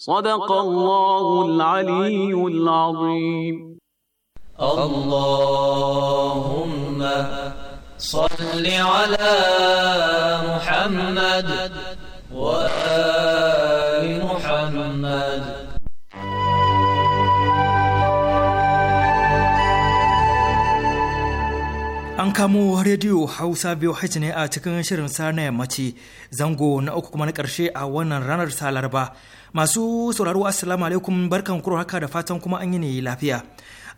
صدق الله العلي العظيم اللهم صل على محمد وآل محمد An kamo rediyo Hausa biyu hajji ne a cikin shirin sa na yammaci zango na uku kuma na ƙarshe a wannan ranar sa laraba Masu sauraro assalamu alaikum barkan kuro haka da fatan kuma an yi ne lafiya.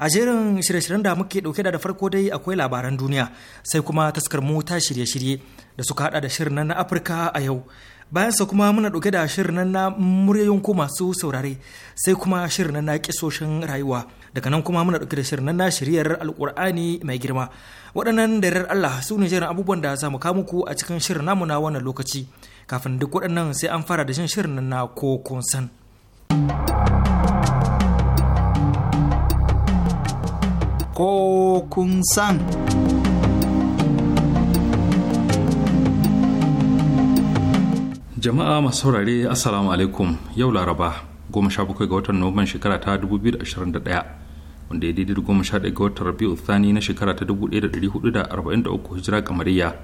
A jerin shirye-shiryen da muke dauke da da farko dai akwai labaran duniya sai kuma taskar mota shirye-shirye da suka hada da shirin nan na Afirka a yau. Bayan sa kuma muna dauke da shirin nan na muryoyin ku masu saurare sai kuma shirin nan na kisoshin rayuwa. Daga nan kuma muna dauke da shirin nan na shiryar Alkur'ani mai girma. Waɗannan da Allah su ne jerin abubuwan da za mu kawo muku a cikin shirin namu na wannan lokaci. kafin duk waɗannan sai an fara da shan shirin na ko san. Ko kun san. Jama'a masu saurare Assalamu alaikum yau Laraba goma sha bakwai ga watan Nuwamban shekara ta 2021 wanda ya daidai goma sha ɗaya ga watan Rabi'u Thani na shekara ta 1443 hijira kamariya.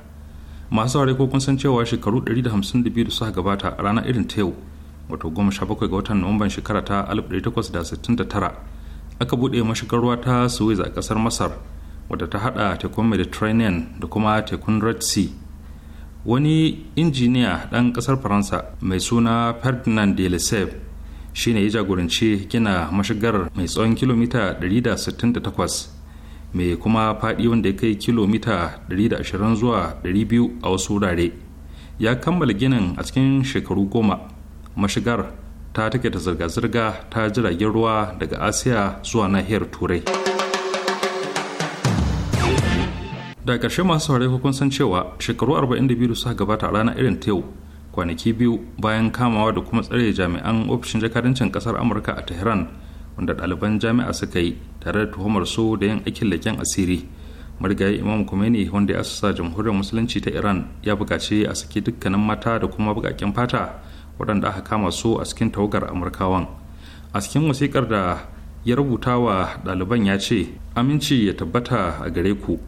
masu saurari ko kun san cewa shekaru 152 da suka gabata a ranar irin ta yau wato 17 ga watan nuwamban shekara ta 1869 aka buɗe mashigar ruwa ta suez a ƙasar masar wadda ta haɗa tekun mediterranean da kuma tekun red sea wani injiniya ɗan ƙasar faransa mai suna ferdinand de lesseps shine ya jagoranci gina mashigar mai tsawon kilomita 168 mai kuma faɗi wanda ya kai kilomita 120 zuwa 200 a wasu wurare ya kammala ginin a cikin shekaru goma mashigar ta take ta zirga-zirga ta jiragen ruwa daga asiya zuwa nahiyar turai da ƙarshe masu saurari hukun san cewa shekaru 42 suka gabata a ranar irin ta yau kwanaki biyu bayan kamawa da kuma tsare jami'an ofishin jakadancin ƙasar amurka a tehran wanda ɗaliban jami'a suka yi tare da tuhumar su da yin aikin leken asiri marigayi imam Khomeini wanda ya sassa jamhuriyar musulunci ta iran ya bukaci a saki dukkanin mata da kuma buƙaƙen fata waɗanda aka kama su a cikin tawagar amurkawan a cikin wasiƙar da ya rubuta wa ɗaliban ya ce aminci ya tabbata a gare ku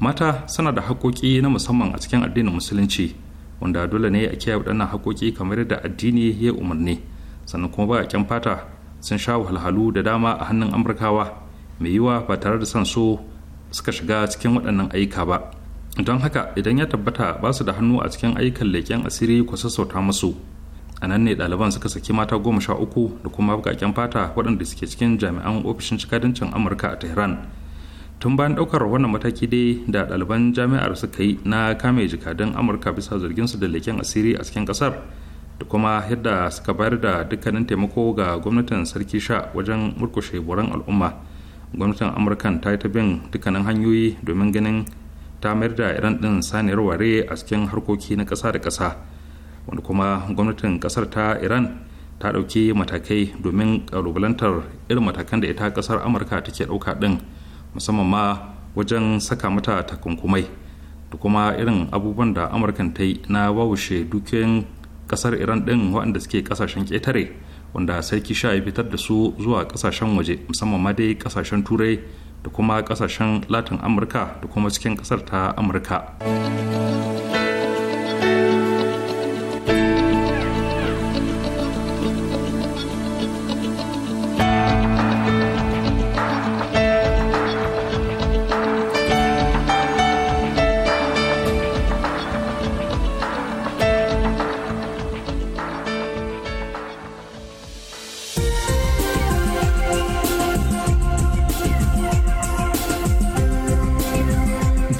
mata suna da haƙoƙi na musamman a cikin addinin musulunci wanda dole ne a kiyaye waɗannan haƙoƙi kamar yadda addini ya umarni sannan kuma baƙaƙen fata sun sha wahalhalu da dama a hannun amurkawa mai yiwa ba tare da san so suka shiga cikin waɗannan ayyuka ba don haka idan ya tabbata ba su da hannu a cikin ayyukan leƙen asiri ku sassauta musu a nan ne ɗaliban suka saki mata goma sha uku da kuma bukaken fata waɗanda suke cikin jami'an ofishin cikadancin amurka a tehran tun bayan ɗaukar wannan mataki dai da ɗaliban jami'ar suka yi na kame jikadun amurka bisa zargin su da leƙen asiri a cikin ƙasar da kuma yadda suka bayar da dukkanin taimako ga gwamnatin sarki sha wajen murkushe boran al'umma gwamnatin amurkan ta yi ta bin dukkanin hanyoyi domin ganin ta mayar da iran din saniyar ware a cikin harkoki na kasa da ƙasa wanda kuma gwamnatin ƙasar ta iran ta ɗauki matakai domin ƙalubalantar irin matakan da ita ƙasar amurka take ɗauka ɗin musamman ma wajen saka mata takunkumai da kuma irin abubuwan da amurkan ta yi na wawushe dukiyoyin kasar iran din waɗanda suke kasashen ƙetare wanda sarki sha ya fitar da su zuwa kasashen waje musamman ma dai kasashen turai da kuma kasashen latin amurka da kuma cikin kasar ta amurka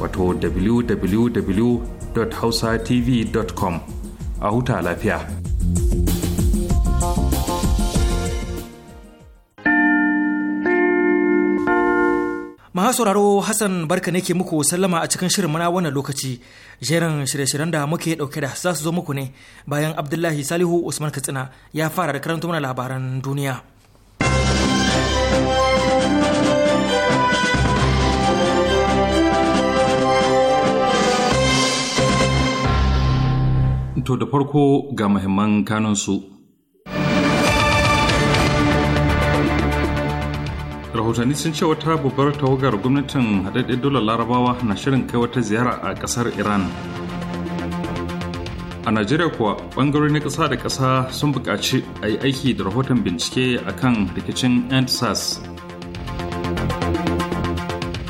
wato www.hausatv.com a huta lafiya. Maha sauraro Hassan barka ne ke muku sallama a cikin shirin mana wannan lokaci. Jerin shirye-shiryen da muke dauke da za su zo muku ne bayan Abdullahi Salihu Usman Katsina ya fara da karanta mana labaran duniya. To da farko ga muhimman kanunsu. Rahotanni sun ce wata babbar tawagar gwamnatin haɗaɗɗen dole larabawa na shirin kai wata ziyara a ƙasar Iran. A Najeriya kuwa ɓangarori na ƙasa da ƙasa sun buƙaci a yi aiki da rahoton bincike a kan rikicin antsas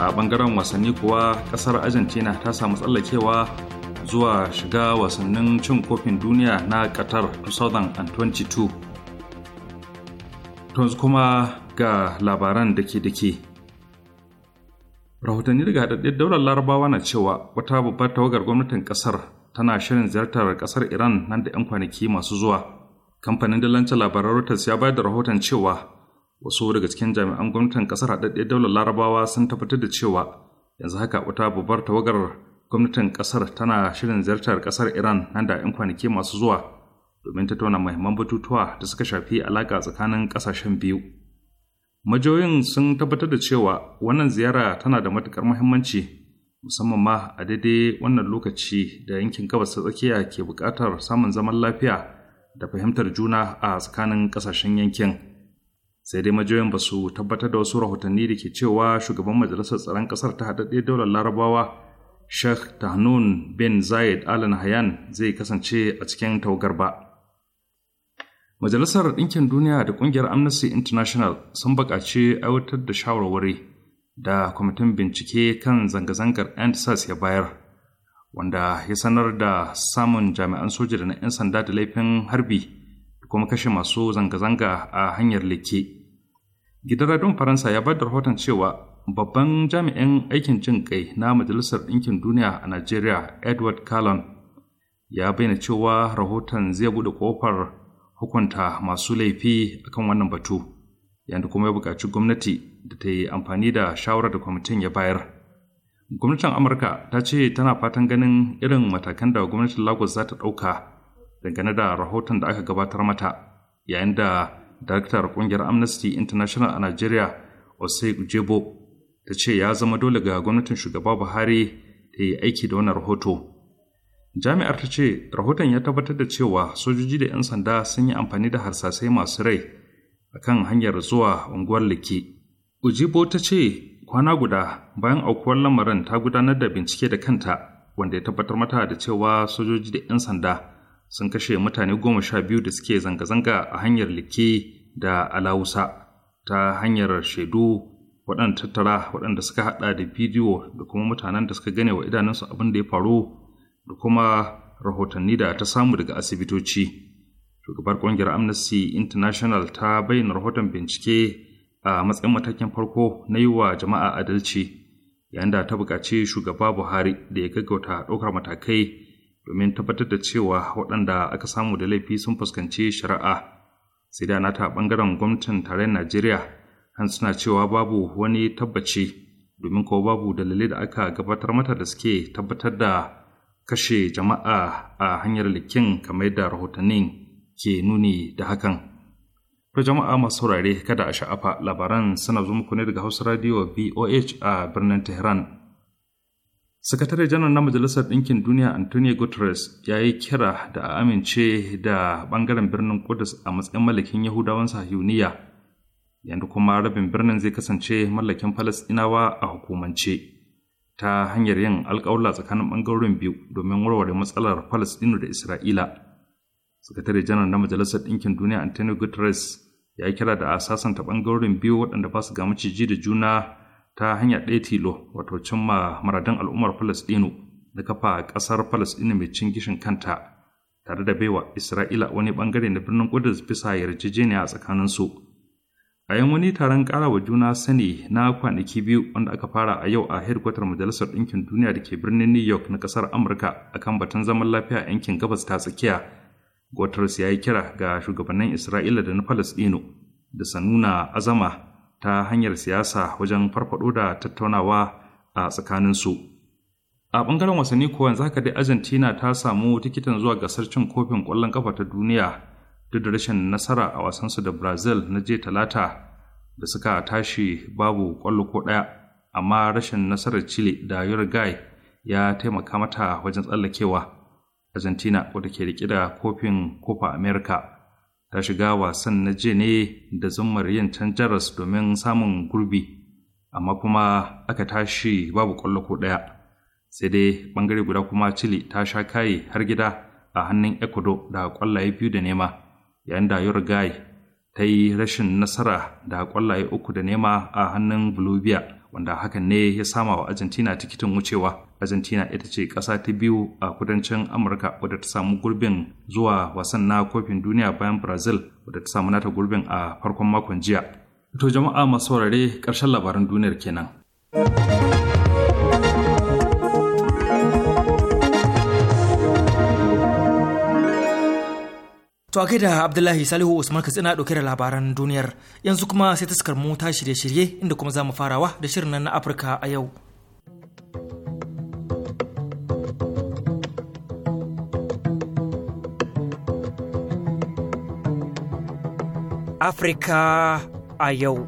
a ɓangaren wasanni kuwa ƙasar argentina ta samu tsallakewa zuwa shiga wasannin cin kofin duniya na qatar 2022 tunzu kuma ga labaran da ke da rahotanni daga haɗaɗɗen daular larabawa na cewa wata babbar tawagar gwamnatin ƙasar tana shirin ziyartar ƙasar iran nan da 'yan kwanaki masu zuwa kamfanin dalancin labaran reuters ya bayar da rahoton cewa wasu daga cikin jami'an gwamnatin ƙasar haɗaɗɗen daular larabawa sun tabbatar da cewa yanzu haka wata babbar tawagar gwamnatin ƙasar tana shirin ziyartar ƙasar iran nan da 'yan kwanaki masu zuwa domin tattauna mahimman batutuwa da suka shafi alaƙa tsakanin ƙasashen biyu majoyin sun tabbatar da cewa wannan ziyara tana da matuƙar muhimmanci musamman ma a daidai wannan lokaci da yankin gabas ta tsakiya ke buƙatar samun zaman lafiya da fahimtar juna a tsakanin ƙasashen yankin sai dai majoyin ba su tabbatar da wasu rahotanni da ke cewa shugaban majalisar tsaron ƙasar ta haɗaɗɗe daular larabawa Sheikh Tahnun bin Zayed Al Nahyan zai kasance a cikin taugar ba. Majalisar Ɗinkin Duniya da Ƙungiyar Amnesty International sun buƙaci aiwatar da shawarwari da kwamitin bincike kan zanga-zangar sas ya bayar, wanda ya sanar da samun jami'an soja da na 'yan sanda da laifin harbi da kuma kashe masu zanga-zanga a hanyar leke. gidan radon faransa ya bada rahoton cewa babban jami'in aikin jin kai na majalisar ɗinkin duniya a Najeriya edward callon ya bayyana cewa rahoton zai bude kofar hukunta masu laifi akan wannan batu yadda kuma ya buƙaci gwamnati da ta yi amfani da shawarar da kwamitin ya bayar gwamnatin amurka ta ce tana fatan ganin irin matakan da gwamnatin lagos za ta ɗauka dangane da rahoton da aka gabatar mata yayin da Daktar kungiyar amnesty international a nigeria osei ujebo ta ce ya zama dole ga gwamnatin shugaba buhari ta yi aiki da wannan rahoto jami'ar ta ce rahoton ya tabbatar da cewa sojoji da 'yan sanda sun yi amfani da harsasai masu rai a kan hanyar zuwa unguwar liki ujibo ta ce kwana guda bayan aukuwar lamarin ta gudanar da bincike da kanta wanda ya tabbatar mata da cewa sojoji da 'yan sanda sun kashe mutane goma sha biyu da suke zanga-zanga a hanyar like da alawusa ta hanyar shaidu waɗanda tattara waɗanda suka haɗa da bidiyo da kuma mutanen da suka gane wa idanunsu abin da ya faru da kuma rahotanni da ta samu daga asibitoci shugabar ƙungiyar amnesty international ta bayyana rahoton bincike a matsayin matakin farko na yi wa jama'a adalci yayin da ta buƙaci shugaba buhari da ya gaggauta ɗaukar matakai domin tabbatar da cewa waɗanda aka samu da laifi sun fuskanci shari'a sai da nata ɓangaren gwamnatin tarayyar najeriya an suna cewa babu wani tabbaci domin kuwa babu dalilai da aka gabatar mata da suke tabbatar da kashe jama'a a hanyar likin kamar da rahotannin ke nuni da hakan to jama'a masu saurare kada a sha'afa labaran suna zo muku ne daga hausa radio voh a birnin tehran sakatare janar na majalisar ɗinkin duniya antonio guterres ya yi kira da a amince da bangaren birnin kudus a matsayin mallakin yahudawan sahiyuniya yadda kuma rabin birnin zai kasance mallakin falasɗinawa a hukumance ta hanyar yin alƙawla tsakanin ɓangarorin biyu domin warware matsalar falasɗinu da isra'ila sakatare janar na majalisar Dinkin duniya antonio guterres ya yi kira da a sasanta ɓangarorin biyu waɗanda ba su ga maciji da juna ta hanyar ɗaya tilo wato cimma maradin al'ummar Falasɗinu da kafa ƙasar Falasɗinu mai cin gishin kanta tare da baiwa Isra'ila wani bangare na birnin Kudus bisa yarjejeniya a tsakanin su. A yan wani taron ƙarawa juna sani na kwanaki biyu wanda aka fara a yau a hedkwatar Majalisar Ɗinkin Duniya da ke birnin New York na ƙasar Amurka akan batun zaman lafiya a yankin gabas ta tsakiya. Guterres ya yi kira ga shugabannin Isra'ila da na Falasɗinu da sanuna azama ta hanyar siyasa wajen farfado da tattaunawa a tsakaninsu. A ɓangaren wasanni kuwa yanzu haka dai Argentina ta samu tikitin zuwa gasar cin kofin ƙwallon ƙafa ta duniya duk da rashin nasara a wasansu da Brazil na je talata da suka tashi babu ƙwallo ko ɗaya amma rashin nasarar Chile da Uruguay ya taimaka mata wajen tsallakewa. Argentina wadda ke riƙe da kofin kofa America ta shiga wasan na je ne da zumar yin can jaras domin samun gurbi amma kuma aka tashi babu ƙwallo ko ɗaya sai dai ɓangare guda kuma chile ta sha kaye har gida a hannun ecuador da ƙwallaye biyu da nema yayin da uruguay ta yi rashin nasara da ƙwallaye uku da nema a hannun bolivia wanda hakan ne ya sama wa argentina tikitin wucewa argentina ita ce ƙasa ta biyu a kudancin amurka wadda ta samu gurbin zuwa wasan na kofin duniya bayan brazil wadda ta samu nata gurbin a farkon makon jiya to jama'a masu saurare ƙarshen labaran duniyar kenan To a da Abdullahi Salihu Usman Katsina ɗauke da labaran duniyar yanzu kuma sai ta mu ta shirye-shirye inda kuma za mu farawa da shirin nan na Afirka a yau. Afirka a yau.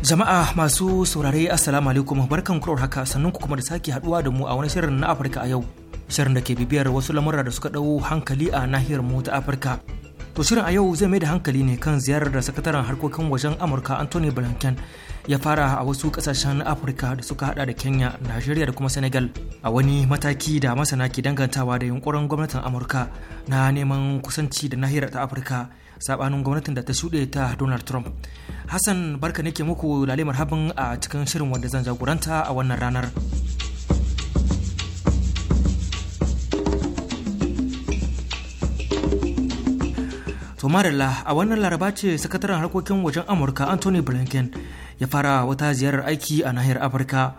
Jama'a masu saurare Assalamu alaikum barkan kurar haka sannan ku kuma da sake haduwa da mu a wani shirin na Afirka a yau. Shirin da ke bibiyar wasu lamura da suka ɗau hankali a nahiyar mu ta Afirka to shirin a yau zai mai da hankali ne kan ziyarar da sakataren harkokin wajen amurka anthony blinken ya fara a wasu kasashen afirka da suka hada da kenya najeriya da kuma senegal a wani mataki da masana ke dangantawa da yunkurin gwamnatin amurka na neman kusanci da nahiyar ta afirka sabanin gwamnatin da ta shuɗe ta donald trump hassan barka nake muku lalimar habin a cikin shirin wanda zan jagoranta a wannan ranar. To Marilla a wannan laraba ce sakataren harkokin wajen Amurka Anthony Blinken ya fara wata ziyarar aiki a nahiyar Afirka.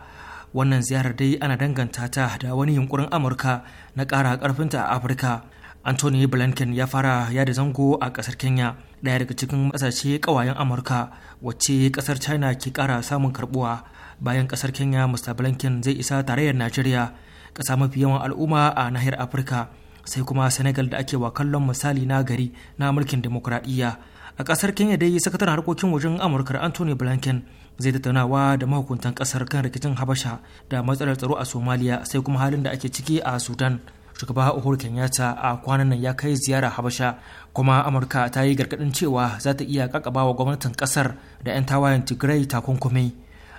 Wannan ziyarar dai ana danganta ta da wani yunkurin Amurka na kara karfinta a Afirka. Anthony Blinken ya fara yada zango a kasar Kenya, ɗaya daga cikin masashe kawayen Amurka wacce kasar China ke ƙara samun karbuwa Bayan kasar Kenya, Mr. Blinken zai isa tarayyar Najeriya, kasa mafi yawan al'umma a nahiyar Afirka. sai kuma senegal da ake wa kallon misali na gari na mulkin demokuraɗiyya a ƙasar kenya dai sakataren harkokin wajen amurka anthony blinken zai tattaunawa da mahukuntan ƙasar kan rikicin habasha da matsalar tsaro a somaliya sai kuma halin da ake ciki a sudan shugaba uhuru kenyatta a kwanan nan ya kai ziyara habasha kuma amurka ta yi gargaɗin cewa za ta iya kakaba gwamnatin ƙasar da 'yan tawayen tigray takunkumi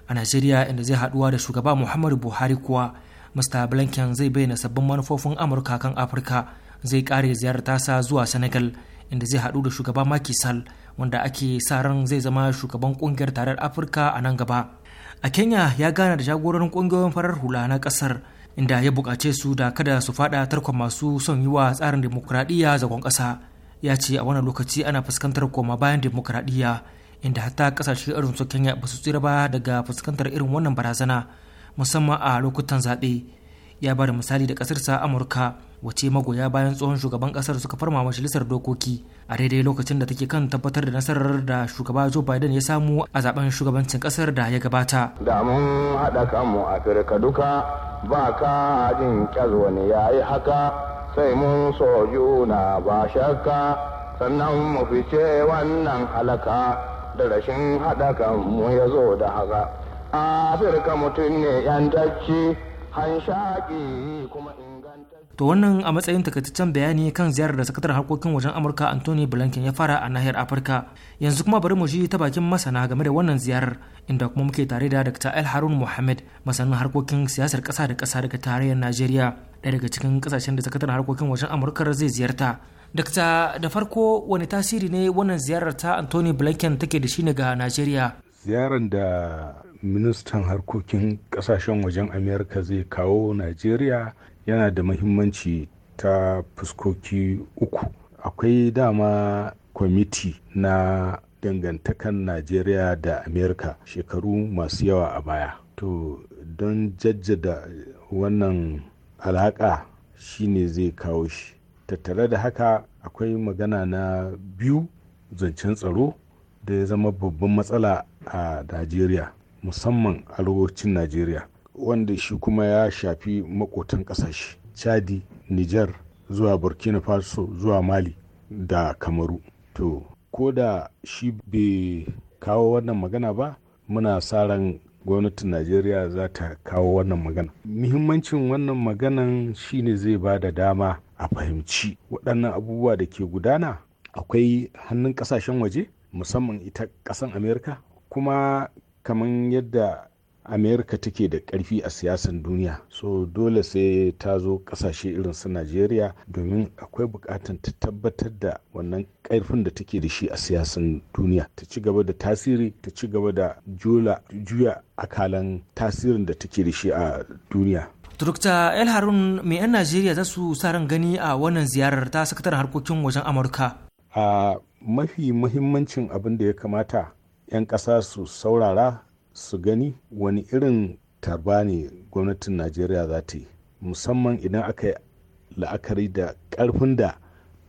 a najeriya inda zai haɗuwa da shugaba muhammadu buhari kuwa mista blinken zai bayyana sabbin manufofin amurka kan afirka zai kare ziyarar tasa zuwa senegal inda zai hadu da shugaba Macky Sall wanda ake sa ran zai zama shugaban kungiyar tarar Afirka a nan gaba. A Kenya ya gana da jagororin kungiyoyin farar hula na kasar inda ya bukace su da kada su fada tarkon masu son yi wa tsarin demokuraɗiyya zagon ƙasa. Ya ce a wannan lokaci ana fuskantar koma bayan demokuraɗiyya inda hatta kasashe irin su Kenya ba su tsira ba daga fuskantar irin wannan barazana. musamman a lokutan zaɓe ya ba da misali da ƙasarsa amurka wace magoya bayan tsohon shugaban ƙasar suka farma majalisar dokoki a daidai lokacin da take kan tabbatar da nasarar da shugaba joe biden ya samu a zaben shugabancin ƙasar da ya gabata da mun haɗa kanmu afirka duka ba ka jin ƙyaz wani ya yi haka sai mun so juna ba shakka sannan mu fice wannan halaka da rashin haɗa kanmu ya zo da haka afirka mutum ne yantacce hanshaki kuma To wannan a matsayin takaitaccen bayani kan ziyarar da sakatar harkokin wajen Amurka Anthony Blinken ya fara a nahiyar Afirka. Yanzu kuma bari mu ji ta bakin masana game da wannan ziyarar inda kuma muke tare da Dr. El Harun Muhammad masanin harkokin siyasar kasa da ƙasa daga tarayyar Najeriya daya daga cikin kasashen da sakatar harkokin wajen Amurka zai ziyarta. Dakta da farko wani tasiri ne wannan ziyarar ta Anthony Blinken take da shi ne ga Najeriya? ziyarar da ministan harkokin kasashen wajen amerika zai kawo najeriya yana da mahimmanci ta fuskoki uku akwai dama kwamiti na dangantakan najeriya da amerika shekaru masu yawa a baya to don jajjada wannan alaƙa shine zai kawo shi tattare da haka akwai magana na biyu zancen tsaro da ya zama babban matsala a najeriya musamman arewacin najeriya wanda shi kuma ya shafi makotan kasashe. chadi niger zuwa burkina faso zuwa mali da kamaru to ko da shi bai kawo wannan magana ba muna sa ran gwamnatin najeriya za ta kawo wannan magana muhimmancin wannan maganan shine zai ba da dama a fahimci waɗannan abubuwa da ke gudana akwai hannun ƙasashen waje musamman ita ƙasan amerika kuma kamar yadda amerika take da karfi a siyasan duniya so dole sai ta zo kasashe irin su najeriya domin akwai bukatan ta tabbatar da wannan karfin da take da shi a siyasan duniya ta ci gaba da tasiri ta ci gaba da juya akalan tasirin da take da shi a duniya Dr. el harun mai 'yan najeriya za su sa ran gani a wannan ziyarar ta sakataren harkokin wajen amurka a mafi muhimmancin abin da ya kamata 'yan ƙasa su saurara su gani wani irin tarba ne gwamnatin najeriya za ta yi musamman idan aka yi la'akari da ƙarfin da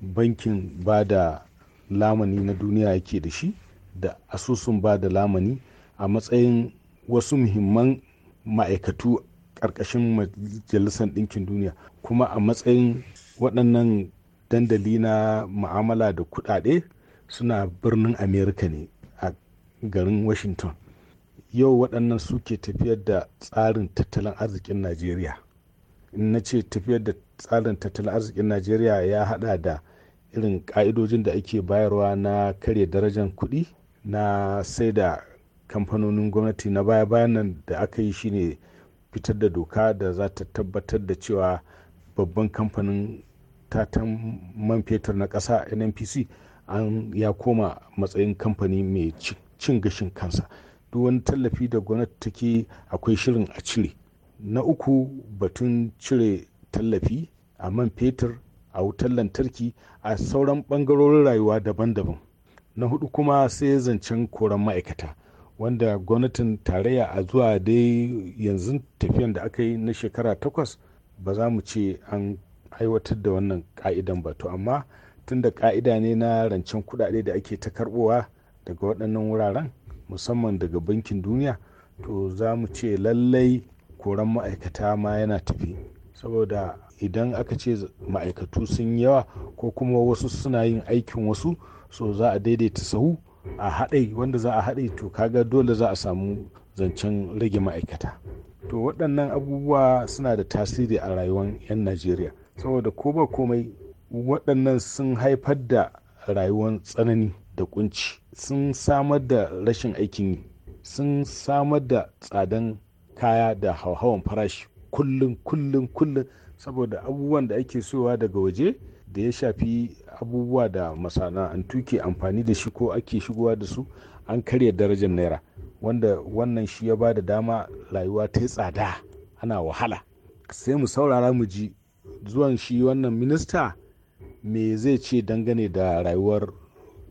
bankin ba da lamani na duniya yake da shi da asusun ba da lamani a matsayin wasu muhimman ma'aikatu ƙarƙashin majalisar ɗinkin duniya kuma a matsayin waɗannan dandali na ma'amala da kuɗaɗe suna birnin amerika ne garin washington yau waɗannan suke tafiyar da tsarin tattalin arzikin najeriya in na ce tafiyar da tsarin tattalin arzikin najeriya ya hada da irin ƙa'idojin da ake bayarwa na karya darajar kuɗi na sai da kamfanonin gwamnati na baya-bayan nan da aka yi shine fitar da doka da za ta tabbatar da cewa babban kamfanin tatan man fetur na ƙasa nnpc an ya koma matsayin kamfani mai cin gashin kansa duk wani tallafi da gwamnati take akwai shirin a cire na uku batun cire tallafi a man fetur a wutar lantarki a sauran bangarorin rayuwa daban-daban na hudu kuma sai zancen koran ma'aikata wanda gwamnatin tarayya a zuwa dai yanzu tafiyan da aka yi na shekara takwas ba za mu ce an aiwatar da wannan ka'idan ba to amma tunda ka'ida ne na rancen kudade da ake ta karbowa daga waɗannan wuraren musamman daga bankin duniya to za mu ce lallai koran ma'aikata ma yana tafi saboda idan aka ce ma'aikatu sun yawa ko kuma wasu suna yin aikin wasu so za a daidaita sahu a haɗai wanda za a haɗe to kaga dole za a samu zancen rage ma'aikata to waɗannan abubuwa suna da tasiri a rayuwar 'yan najeriya saboda ko ba komai waɗannan sun haifar da rayuwar tsanani da kunci sun samar da rashin aikin yi sun samar da tsadan kaya da hauhawan farashi kullum kullum kullum saboda abubuwan da ake sowa daga waje da ya shafi abubuwa da masana'antu ke amfani da shi ko ake shigowa da su an karya darajar naira wanda wannan shi ya ba da dama rayuwa ta yi tsada ana wahala sai mu saurara mu ji zuwan shi wannan minista me zai ce dangane da rayuwar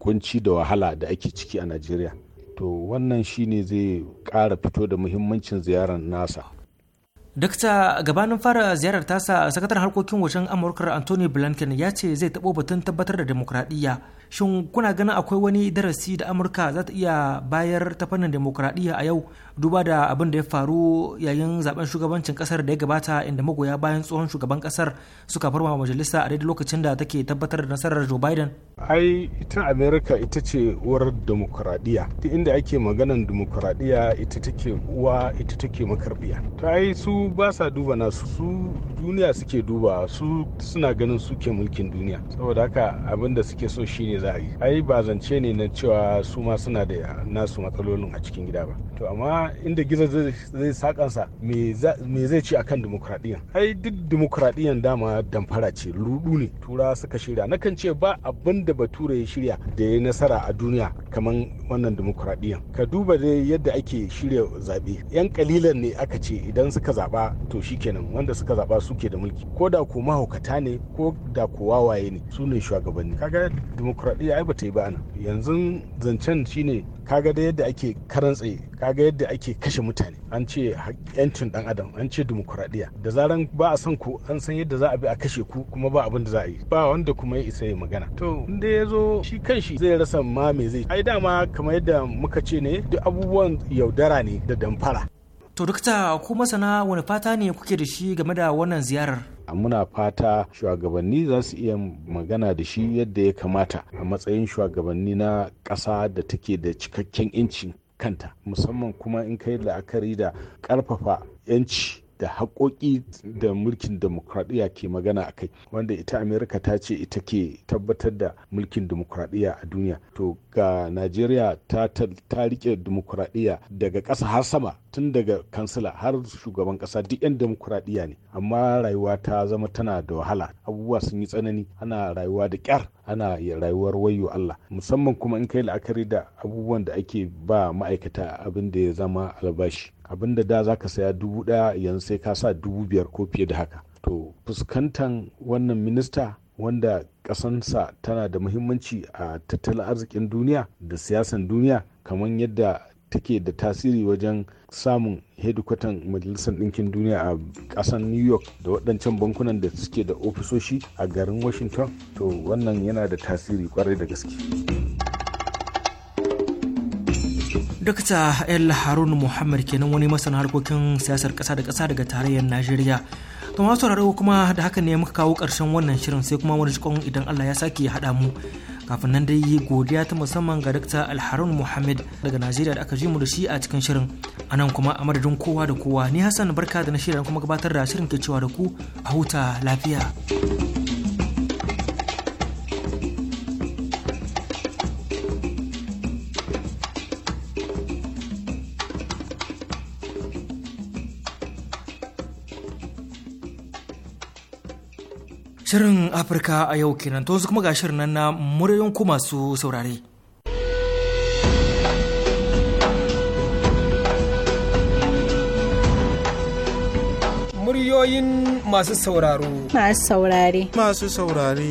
kunci da wahala da ake ciki a najeriya to wannan shine zai kara fito da muhimmancin ziyarar nasa Dakta gabanin fara ziyarar tasa sakatar harkokin wajen Amurkar Anthony Blinken ya ce zai taɓo batun tabbatar da demokradiyya. Shin kuna ganin akwai wani darasi da Amurka za ta iya bayar ta fannin demokradiyya a yau duba da abin da ya faru yayin zaben shugabancin kasar da ya gabata inda magoya bayan tsohon shugaban kasar suka farma majalisa a daidai lokacin da take tabbatar da nasarar joe biden ai ita america ita ce uwar demokuraɗiyya ta inda ake maganan demokuraɗiyya ita take uwa ita take makarbiya ta ai su ba sa duba nasu su duniya suke duba su suna ganin suke mulkin duniya saboda haka abin da suke so shine za a yi ai ba zance ne na cewa su ma suna da nasu matsalolin a cikin gida ba to amma inda gizo zai sakansa me zai ci akan demokradiyya ai duk demokradiyyan dama damfara ce rudu ne tura suka shirya na kan ce ba abin da bature ya shirya da ya nasara a duniya kamar wannan demokradiyya ka duba dai yadda ake shirya zaɓe yan kalilan ne aka ce idan suka zaɓa to shi kenan wanda suka zaɓa suke da mulki ko da ko mahaukata ne ko da ko wawaye ne su ne shugabanni kaga demokradiyya ai bata yi ba yanzu zancen shine kaga da yadda ake karantsa kaga yadda ake kashe mutane an ce yancin dan adam an ce dimokuraɗiyya da zaran ba a son ku an san yadda za a bi a kashe ku kuma ba abin da za a yi ba wanda kuma ya isa ya magana to inda ya zo shi kanshi zai rasa ma me zai ai dama kamar yadda muka ce ne duk abubuwan yaudara ne da damfara to dokta, ko masana wani fata ne kuke da shi game da wannan ziyarar a muna fata shugabanni za su iya magana da shi yadda ya kamata a matsayin shugabanni na ƙasa da take da cikakken yanci kanta musamman kuma in kai la'akari da ƙarfafa 'yanci da haƙoƙi da mulkin demokradiyya ke magana a kai wanda ita amerika ta ce ita ke tabbatar da mulkin demokradiyya a duniya to ga najeriya ta riƙe demokradiyya daga ƙasa har sama tun daga kansila har shugaban kasa duk 'yan demokuraɗiyya ne amma rayuwa ta zama tana da wahala abubuwa sun yi tsanani ana rayuwa da kyar ana rayuwar wayo Allah musamman kuma in kai la'akari da abubuwan da ake ba ma'aikata abin da ya zama albashi abin da da za ka saya dubu ɗaya yanzu sai ka sa dubu biyar ko fiye da haka to fuskantan wannan minista wanda kasansa tana da muhimmanci a tattalin arzikin duniya da siyasan duniya kamar yadda take da tasiri wajen samun hedikwatan majalisar ɗinkin duniya a ƙasar new york da waɗancan bankunan da suke da ofisoshi a garin washington to wannan yana da tasiri kwarai da gaske Dokta El Harun Muhammad kenan wani masana harkokin siyasar ƙasa da kasa daga tarayyar Najeriya. To masu kuma da haka ne muka kawo ƙarshen wannan shirin sai kuma wani jikon idan Allah ya sake haɗa mu. kafin nan dai yi godiya ta musamman ga Dr. Alharun Muhammad daga Najeriya da aka ji mu da shi a cikin shirin a nan kuma a madadin kowa da kowa ni Hassan barka da na shirin kuma gabatar da shirin ke cewa da ku a huta lafiya. Shirin Afirka a yau kenan to su kuma ga shirin nan na muryoyin ku masu saurare. Muryoyin masu sauraro. Masu saurare. Masu saurare.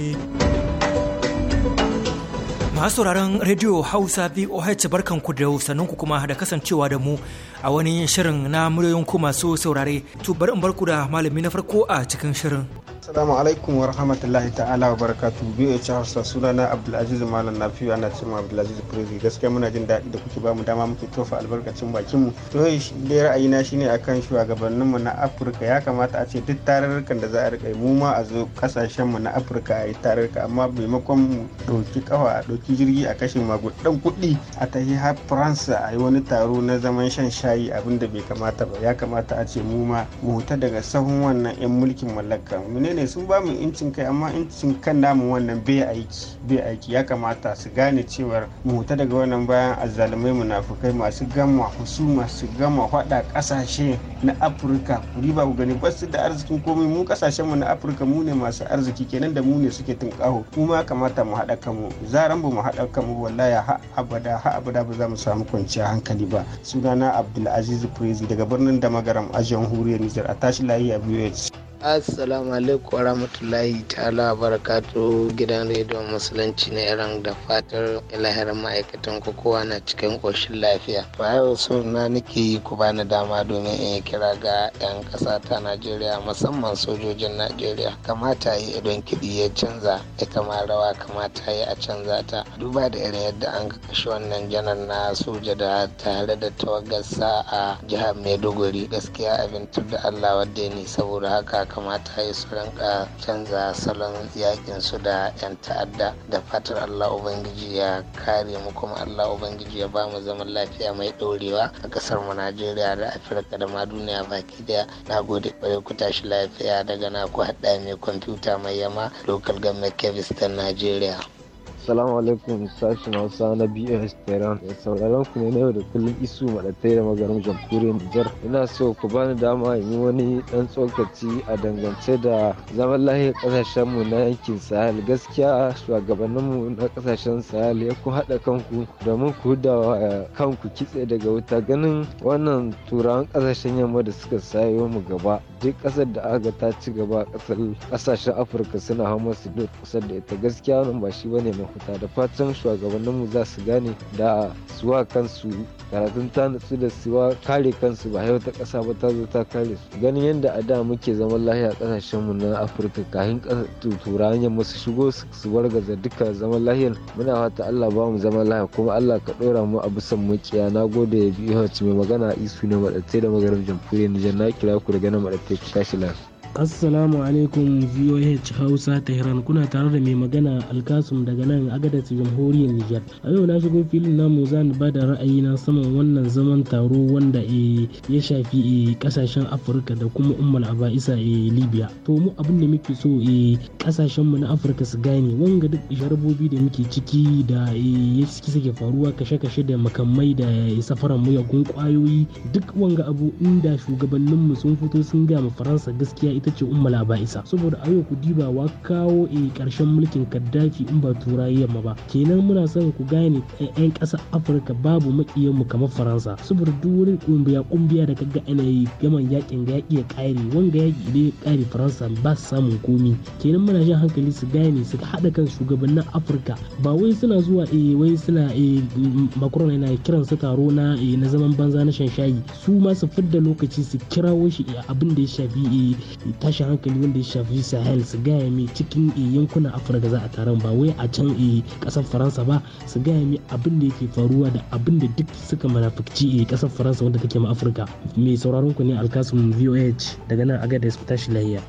masu sauraron Radio hausa voh ku da sannan ku kuma da kasancewa da mu a wani shirin na muryoyin ku masu saurare to bari in barku da malami na farko a cikin shirin Assalamu alaikum wa rahmatullahi ta'ala wa barakatu biyu ya hausa suna na Abdulaziz Malam fiye ana cewa Abdulaziz Prezi gaskiya muna jin daɗi da kuke bamu dama muke tofa albarkacin bakinmu to dai ra'ayina ne akan shugabanninmu na Afirka ya kamata a ce duk tarurrukan da za a rika mu ma a zo ƙasashenmu na Afirka a yi tarurruka amma maimakon mu ɗauki ƙafa a ɗauki jirgi a kashe magudan kuɗi a tahi har faransa a yi wani taro na zaman shan shayi abinda bai kamata ba ya kamata a ce mu ma mu huta daga sahun wannan 'yan mulkin mallaka menene sun ba mu incin kai amma incin kan namu wannan bai aiki bai aiki ya kamata su gane cewar mu huta daga wannan bayan azzalumai munafukai masu gama husuma su gama hada kasashe na afirka ku riba ku gani basu da arzikin komai mu kasashen mu na afirka mu ne masu arziki kenan da mu ne suke tunkaho mu ma kamata mu hada kanmu zaran ba mu haɗa kanmu wallahi ha abada ha abada ba za mu samu kwanciyar hankali ba sunana abdulaziz prezi daga birnin damagaram a jamhuriyar nijar a tashi lahiya biyu assalamu alaikum warahmatullahi ta'ala barakatu gidan rediyon musulunci na iran da fatar ilahirar ma'aikatan kowa na cikin ƙoshin lafiya bayan suna nake yi ku bani dama domin in yi kira ga 'yan ƙasa ta najeriya musamman sojojin najeriya kamata yi idan kiɗi ya canza ita ma rawa kamata yi a canza ta duba da irin yadda an kashe wannan janar na soja da tare da tawagarsa a jihar maiduguri gaskiya abin da allah wadda ne saboda haka kamata ya su rinka canza salon yakin su da 'yan ta'adda da fatar allah ubangiji ya kare mu kuma allah ubangiji ya ba mu zaman lafiya mai ɗorewa a ƙasar mu najeriya da afirka da ma duniya baki daya na gode kwarai ku tashi lafiya daga na ku haɗa mai kwamfuta mai yama local government kevis ta najeriya Assalamu alaikum sashen Hausa na BS Esperan. Da sauraron ku ne na yau da kullum isu maɗatai da magarin jamhuriyar Nijar. Ina so ku bani dama in yi wani ɗan tsokaci a dangance da zaman lahiyar ƙasashen mu na yankin Sahel. Gaskiya shugabannin mu na ƙasashen Sahel ya ku haɗa kanku domin ku da kanku kitse daga wuta ganin wannan turawan ƙasashen yamma da suka sayo mu gaba. Duk ƙasar da aka ta ci gaba ƙasashen Afirka suna hau masu duk kusa da ita gaskiya wannan ba shi bane mu mata da fatan shugabanninmu za su gane da suwa kansu karatun ta nutsu da suwa kare kansu ba yau ta kasa ba ta zo ta kare su ganin yadda a da muke zaman lahiya kasashen mu na afirka kahin turawan yamma su shigo su wargaza duka zaman lahiyar muna fata allah ba mu zaman lahiya kuma allah ka ɗora mu a bisan mukiya na gode ya biyu mai magana isu ne maɗatai da magarin jamhuriyar nijar na kira ku daga nan maɗatai ku tashi lafiya. Assalamu alaikum VOH Hausa Tehran kuna tare da mai magana Alkasum daga nan Agadez Jamhuriyar Nijar. A yau na shigo filin namu za da ra'ayi na saman wannan zaman taro wanda eh, ya shafi kasashen eh, Afirka da kuma Ummul Aba'isa e Libya. To mu abin da muke so e kasashen mu na Afirka su gane wanga duk jarabobi da muke ciki da ya ciki suke faruwa kashe-kashe da makamai da safaran muyagun kwayoyi duk wanga abu inda shugabanninmu sun fito sun gama Faransa gaskiya ita ce ba isa saboda a yau ku diba wa kawo e eh, karshen mulkin kaddafi in ba turai yamma ba kenan muna son ku gane yan eh, ƙasa afirka babu makiyan mu kamar faransa saboda duk wani kumbiya kumbiya da kaga ana yi gaman yakin ga yaki ya kare wanga yaki idan ya kare faransa ba su samun komi kenan muna jan hankali su gane su haɗa kan shugabannin afirka ba wai suna zuwa e wai suna e makurana yana kiran su taro na na zaman banza na shan shayi su ma su fidda lokaci su kirawo shi abin da ya shafi tashin hankali wanda ya shafi sahel su gaya mi cikin eh, yankunan afirka za a taron ba wai a can kasar eh, faransa ba su gaya mi abin da yake faruwa da abin da duk suka manafikci kasar eh, faransa wanda take ma afirka mai sauraron ku ne alkasum voh daga nan agadez tashi lahiya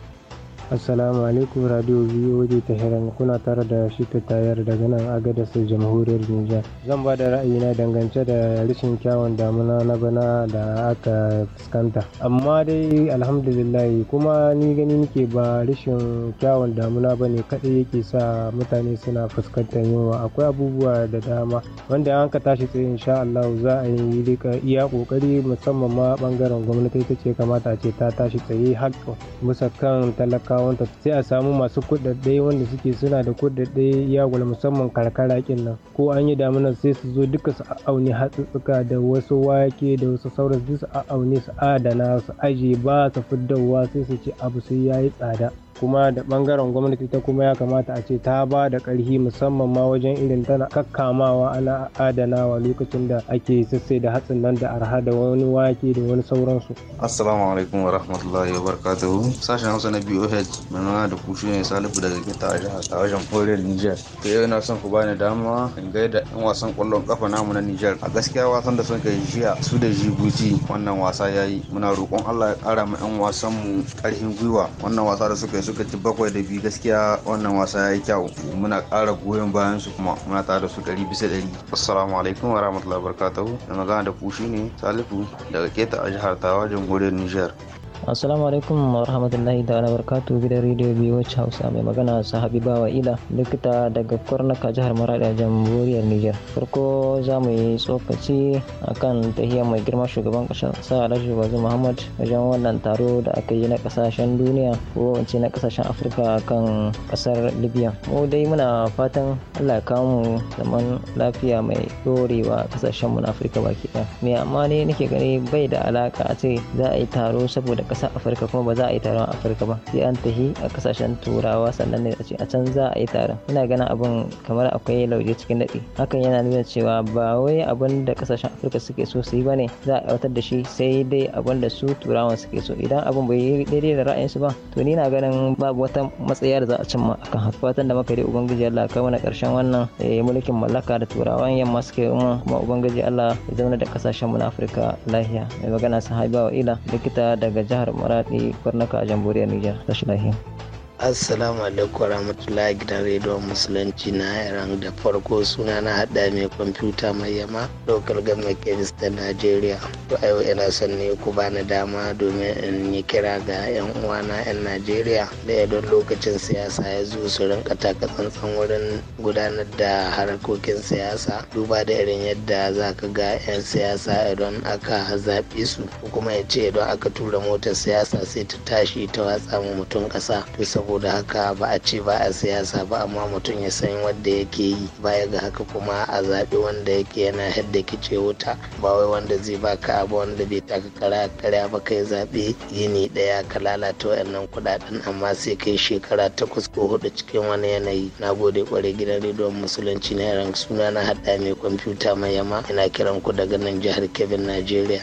assalamu alaikum radio VOD ta hiran kuna tare da shi ta tayar daga nan agadas jamhuriyar nijar zan ba da ra'ayina dangance da rashin kyawun damuna na bana da aka fuskanta amma dai alhamdulillah kuma ni gani nike ba rashin kyawun damuna ba ne kaɗai yake sa mutane suna fuskantar yunwa akwai abubuwa da dama wanda an ka tashi tsaye insha Allah za a yi rika iya kokari musamman ma bangaren gwamnati ta ce kamata a ce ta tashi tsaye haƙƙin musa kan talakawa sai a samu masu kuɗaɗɗe wanda suke suna da ya yagwal musamman karkara kinnan ko an yi damuna sai su zo duka su auni hatsutsuka da wasu wake da wasu sauran su auni su adana su aje ba su fiddowa sai su ci abu sai yayi tsada kuma da bangaren gwamnati ta kuma ya kamata a ce ta ba da karhi musamman ma wajen irin tana kakkamawa ana adanawa lokacin da ake sassai da hatsin nan da arha da wani wake da wani sauransu assalamu alaikum wa rahmatullahi wa barakatuhu sashen hausa na boh mai nuna da kushi ne salifu daga gita a jihar tawajen koriyar niger to yau na son ku bani dama in gaida yan wasan kwallon kafa namu na niger a gaskiya wasan da suka yi jiya su da jibuti wannan wasa ya yi muna roƙon allah ya ƙara ma yan wasan mu ƙarfin gwiwa wannan wasa da suka yi suka ci bakwai da biyu gaskiya wannan wasa ya yi kyau muna ƙara goyon bayan su kuma muna tare da su ɗari bisa ɗari assalamu alaikum wa rahmatullahi wa barakatuhu da magana da ku shine salifu daga keta a jihar tawa jamhuriyar nijar Assalamu alaikum wa rahmatullahi da gidan rediyo biyu wacce Hausa mai magana habiba bawa ila likita daga Kwarnaka jihar Maradi a jamhuriyar Niger. Farko za mu yi tsokaci akan tahiyar mai girma shugaban kasar sa Alhaji Bazu Muhammad wajen wannan taro da aka yi na kasashen duniya ko in na kasashen Afirka kan kasar Libya. Mu dai muna fatan Allah ya kawo zaman lafiya mai dorewa kasashen mu na Afirka baki ɗaya. Me amma ne nake gani bai da alaka a ce za a yi taro saboda ƙasar afirka kuma ba za a yi taron afirka ba sai an tafi a kasashen turawa sannan ne a ce a can za a yi taron ina ganin abin kamar akwai lauje cikin daɗi hakan yana nuna cewa ba wai abin da kasashen afirka suke so su yi ba ne za a aiwatar da shi sai dai abin da su turawan suke so idan abun bai yi daidai da ra'ayin su ba to ni na ganin babu wata matsaya da za a cimma akan haka da muka ubangiji Allah kai mana karshen wannan eh, mulkin mallaka da turawan yamma suke yi kuma ubangiji Allah ya zauna da kasashen mu na afirka lahiya mai magana sahabi wa ila likita daga jihar harmara ni pernah ke Jambore Niger. Tashi lahiya. assalamu alaikum warahmatullahi gidan rediyon musulunci na iran da farko suna na hada mai kwamfuta mai yama local government kebis ta nigeria to ayo ina son ne ku bani dama domin in yi kira ga yan uwana yan Najeriya da ya don lokacin siyasa ya zo su rinka taka tsantsan wurin gudanar da harkokin siyasa duba da irin yadda za ka ga yan siyasa idan aka zaɓi su kuma ya ce idan aka tura motar siyasa sai ta tashi ta watsa ma mutum ƙasa to saboda haka ba a ce ba a siyasa ba amma mutum ya san wanda yake yi baya ga haka kuma a zaɓi wanda yake yana hadda kice wuta ba wai wanda zai baka abu wanda bai taka kara karya ba kai zaɓe yini daya ka lalata wayannan kuɗaɗen amma sai kai shekara takwas ko hudu cikin wani yanayi na gode kware gidan rediyon musulunci na yaran suna na hada mai kwamfuta mai yama ina kiran ku daga nan jihar kebbi najeriya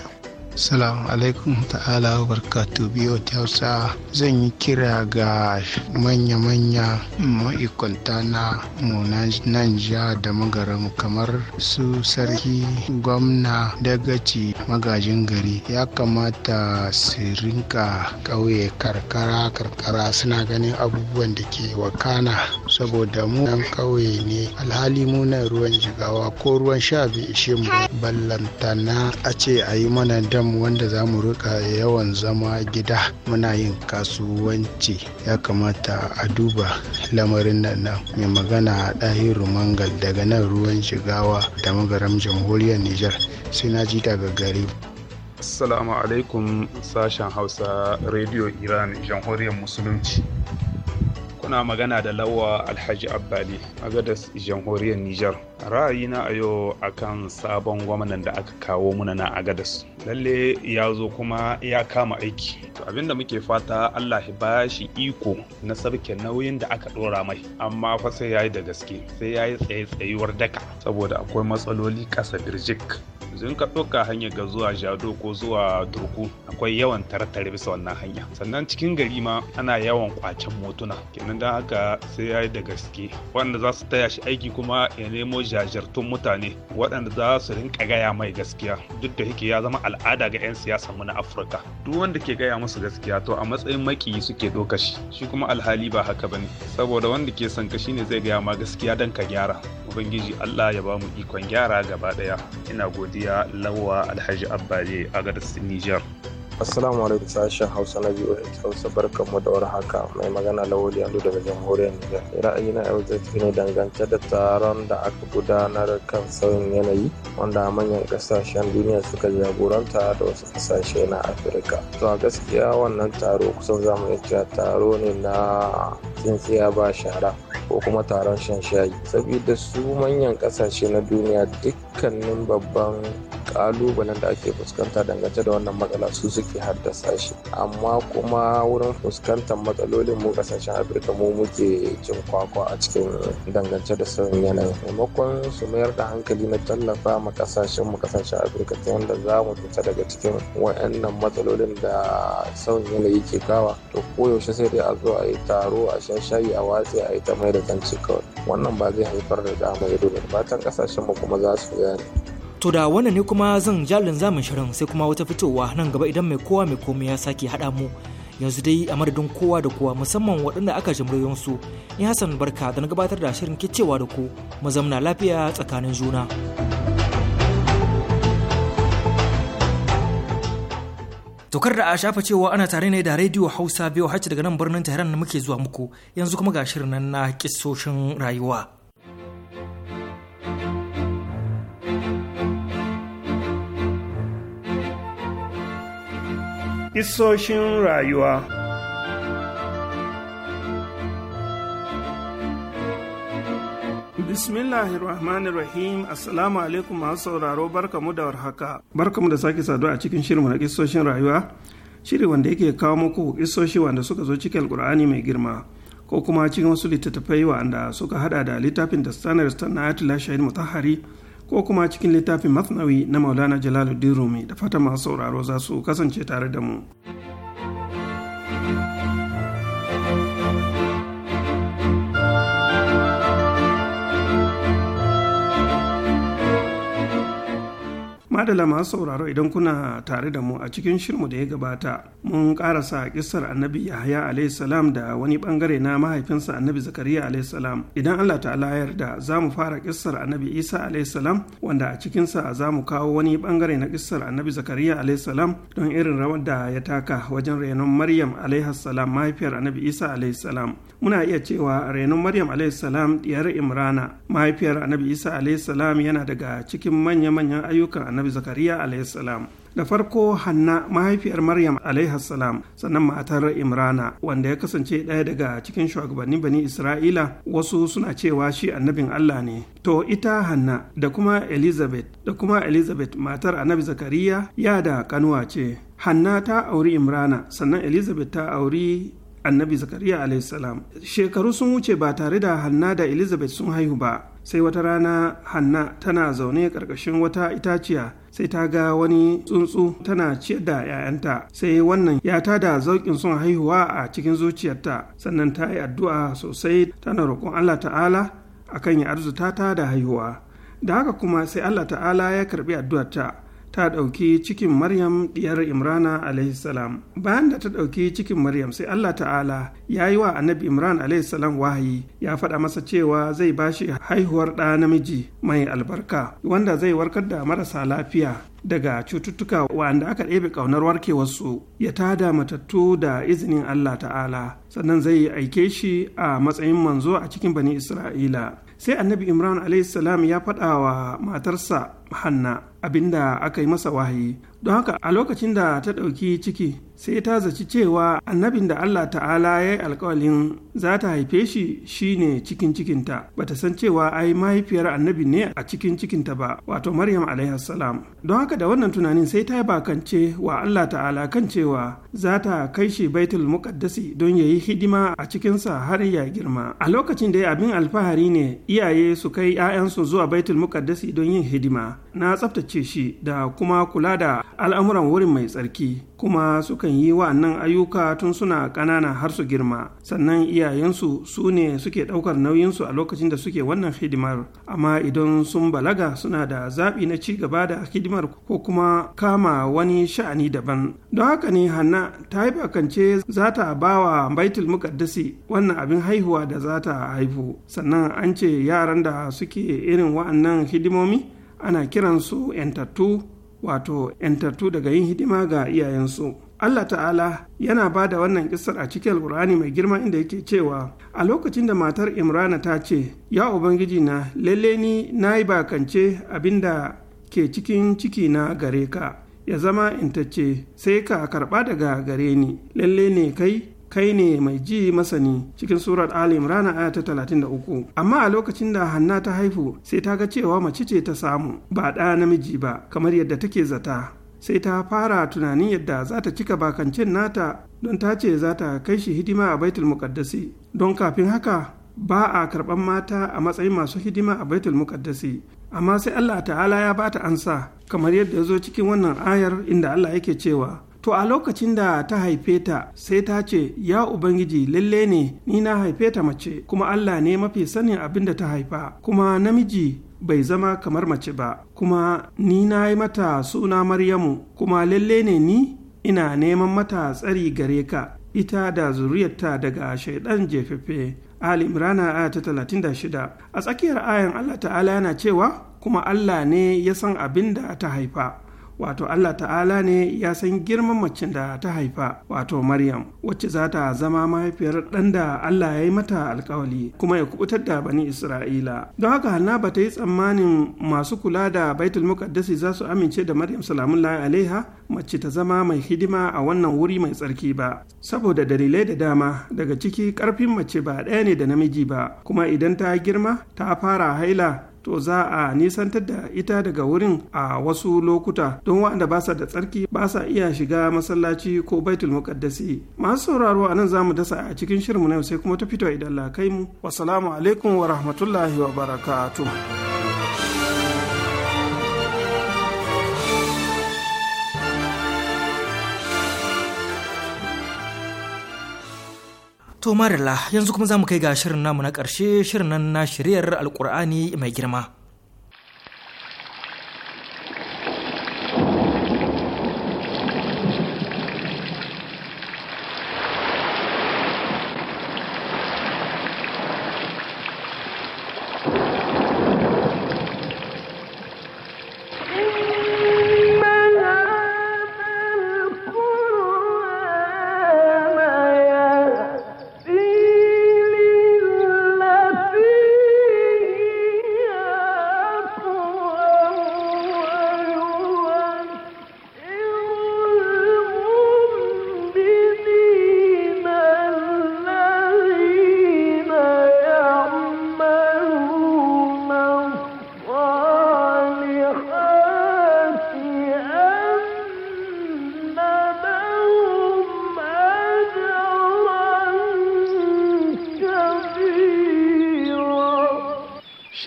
Salamu alaikum ta'ala barkatu biyo hausa zan yi kira ga manya-manya ma'ikwanta na nan da magaram kamar su sarki gwamna dagaci magajin gari ya kamata su rinka ƙauye karkara karkara suna ganin abubuwan da ke wakana saboda mu nan ƙauye ne alhali munan ruwan jigawa ko ruwan sha bai ishe mu ballantana a ce a yi mana dam mu wanda za mu rika yawan zama gida muna yin kasuwanci ya kamata a duba lamarin nan nan mai magana ɗahiru mangal daga nan ruwan shigawa da magaram jamhuriyar niger sai na ji daga gari assalamu alaikum sashen hausa radio iran jamhuriyar musulunci kuna magana da lawa alhaji abbali a gadas jamhuriyar nijar ra'ayina a yau akan sabon gwamnan da aka kawo muna na agadas lalle ya zo kuma ya kama aiki to abinda muke fata allah ya ba shi iko na sabke nauyin da aka dora mai amma fa sai ya yi da gaske sai ya yi tsaye tsayuwar daka saboda akwai matsaloli kasa birjik in ka ɗauka hanyar ga zuwa jado ko zuwa turku akwai yawan tare bisa wannan hanya sannan cikin gari ma ana yawan kwacen motuna kenan don haka sai ya yi da gaske wanda za su taya shi aiki kuma ya nemo jajirtun mutane waɗanda za su rinka gaya mai gaskiya duk da yake ya zama al'ada ga 'yan siyasa mu na afirka duk wanda ke gaya musu gaskiya to a matsayin makiyi suke ɗauka shi kuma alhali ba haka ba ne. saboda wanda ke son ka ne, zai gaya ma gaskiya don ka gyara ubangiji allah ya ba mu ikon gyara gaba ɗaya ina godiya lawa alhaji abbali a gadas niger Assalamu alaikum sashen Hausa na biyu a Hausa mu da warhaka mai magana Lawali Alu daga jamhuriyar Nijar. Ra'ayi na yau zai ne dangance da taron da aka gudanar kan sauyin yanayi wanda manyan kasashen duniya suka jagoranta da wasu kasashe na Afirka. To a gaskiya wannan taro kusan zamu iya cewa taro ne na tsintsiya ba shara ko kuma taron shan shayi. sabida su manyan kasashe na duniya dukkanin babban ƙalubalen da ake fuskanta dangance da wannan matsala su suke haddasa shi amma kuma wurin fuskantar matsalolin mu kasashen afirka mu muke cin kwakwa a cikin dangance da sauyin yanayi maimakon su mayar da hankali na tallafa ma kasashen mu kasashen afirka ta yadda za mu fita daga cikin wa'annan matsalolin da sauyin yanayi ke kawa to koyaushe sai dai a zo a yi taro a shan shayi a watsi a yi ta mai da zance kawai wannan ba zai haifar da dama ido ba fatan kasashen mu kuma zasu su gane To da wannan ne kuma zan jalin zamin shirin sai kuma wata fitowa nan gaba idan mai kowa mai komai ya sake haɗa mu yanzu dai a madadin kowa da kowa musamman waɗanda aka jimriyon su ni Hassan Barka da na gabatar da shirin kicewa da ku mu zamna lafiya tsakanin juna. Tokar da a shafa cewa ana tare ne da Radio Hausa biyu hacci daga nan birnin Tehran muke zuwa muku yanzu kuma ga shirin nan na kisoshin rayuwa. Isoshin rayuwa Bismillahirrahmanirrahim Assalamu alaikum masu sauraro barkamu da warhaka. Barkamu da sake saduwa a cikin shirin na isoshin rayuwa, shiri wanda yake kawo muku isoshi wanda suka zo cikin alkur'ani mai girma. ko kuma cikin wasu littattafai wanda suka hada da littafin da standard na atila shahid mutahari ko kuma cikin littafin masnawi na maulana jalaluddin rumi da fata masu sauraro za su kasance tare da mu. madala masu sauraro idan kuna tare da mu a cikin shirmu da ya gabata mun karasa kisar annabi yahaya alayhi salam da wani bangare na mahaifinsa annabi zakariya alayhi salam idan allah ta'ala da za mu fara kisar annabi isa alayhi salam wanda a cikinsa za mu kawo wani bangare na kisar annabi zakariya alayhi salam don irin rawar da ya taka wajen renon maryam alayhi salam mahaifiyar annabi isa alayhi salam muna iya cewa renon maryam alaihissalam diyar imrana mahaifiyar annabi isa alaihissalam yana daga cikin manya-manyan ayyukan annabi zakariya alaihissalam da farko hanna mahaifiyar maryam alaihissalam sannan matar imrana wanda ya kasance ɗaya daga cikin shugabannin bani isra'ila wasu suna cewa shi annabin allah ne to ita hanna da kuma elizabeth da kuma elizabeth matar annabi zakariya ya da kanuwa ce hanna ta auri imrana sannan elizabeth ta auri annabi zakariya alaihissalam shekaru sun wuce ba tare da hanna da elizabeth sun haihu ba sai wata rana hanna tana zaune ƙarƙashin wata itaciya sai ta ga wani tsuntsu tana ciyar da 'ya'yanta sai wannan ya ta da zaukin sun haihuwa a cikin zuciyarta sannan ta yi addu'a sosai tana roƙon allah ta'ala akan ya arzuta ta da haihuwa da haka kuma sai allah ta'ala ya karɓi addu'arta ta ɗauki cikin maryam ɗiyar imrana alaihissalam bayan da ta ɗauki cikin maryam sai allah ta'ala ya yi wa annabi imran alaihissalam wahayi ya faɗa masa cewa zai bashi haihuwar ɗa namiji mai albarka wanda zai warkar da marasa lafiya daga cututtuka wanda aka ɗebe ƙaunar warkewarsu ya tada matattu da izinin allah ta'ala sannan zai aike shi a matsayin manzo a cikin bani isra'ila sai annabi imran alaihissalam ya faɗa wa matarsa hanna abinda aka yi masa wahayi don haka a lokacin da ta ɗauki ciki sai ta zaci cewa annabin da allah ta'ala ya yi alkawalin za ta haife shi shine cikin cikinta Ba ta san cewa ai mahaifiyar annabi ne a cikin cikinta ba wato maryam salam don haka da wannan tunanin sai ta bakance wa allah ta'ala kan cewa za ta kai shi baitul muqaddasi don ya yi hidima a cikinsa har ya girma a lokacin da abin alfahari ne iyaye su kai 'ya'yansu zuwa baitul muqaddasi don yin hidima na tsaftace shi da kuma kula da al'amuran wurin mai tsarki kuma sukan yi wa'annan ayyuka tun suna ƙanana har su girma sannan iyayensu su ne suke ɗaukar nauyinsu a lokacin da suke wannan hidimar amma idan sun balaga suna da zaɓi na ci gaba da hidimar ko kuma kama wani sha'ani daban don haka ne hanna ta yi bakance za ta ba wa baitul mukaddasi wannan abin haihuwa da za ta haihu sannan an ce yaran da suke irin wa'annan hidimomi ana kiransu ‘yantattu wato ‘yantattu daga yin hidima ga iyayensu. Allah ta'ala yana ba da wannan kisar a cikin alkur'ani mai girma inda yake cewa a lokacin da matar imrana ta ce ya ubangiji na lalle ni na yi bakance abinda ke cikin ciki na gare ka ya zama intacce sai ka karɓa daga gare ni lalle ne kai kai ne mai ji masani cikin surat ali imran aya ta uku. amma a lokacin da hanna ta haifu sai ta ga cewa mace ce ta samu ba ɗa namiji ba kamar yadda take zata sai ta fara tunanin yadda za ta cika bakancin nata don ta ce za ta kai shi hidima a baitul muqaddasi don kafin haka ba a karɓar mata a matsayin masu hidima a baitul Mukaddasi. amma sai Allah ta'ala ya bata ansa kamar yadda ya zo cikin wannan ayar inda Allah yake cewa To a lokacin da ta haife ta sai ta ce, Ya Ubangiji lalle ne ni na haife ta mace, kuma Allah ne mafi sanin abin da ta haifa, kuma namiji bai zama kamar mace ba, kuma ni na yi mata suna Maryamu, kuma lalle ne ni ina neman mata tsari gare ka, ita da zuriyarta daga shaidan jefefe. Ali Imrana talatin da shida, a tsakiyar ayan Allah ta'ala yana cewa kuma Allah ne ya san abin da ta haifa wato Allah ta'ala ne ya san girman macen da ta haifa wato Maryam wacce za ta zama mahaifiyar ɗan da Allah ya yi mata alkawali kuma ya kubutar da bani Isra'ila don haka Hanna ba ta yi tsammanin masu kula da Baitul Muqaddasi za su amince da Maryam salamullahi alaiha mace ta zama mai hidima a wannan wuri mai tsarki ba saboda dalilai da dama daga ciki karfin mace ba ɗaya ne da namiji ba kuma idan ta girma ta fara haila to za a nisantar da ita daga wurin a wasu lokuta don waɗanda ba sa da tsarki ba sa iya shiga masallaci ko baitul muqaddasi masu sauraro a nan za mu dasa a cikin shirinmu na yau sai kuma ta fito idan la kai mu wasalamu alaikum wa rahmatullahi wa barakatuh To Marilla yanzu kuma za mu kai ga shirin namu na ƙarshe shirin nan na shiryar Alƙur'ani mai girma.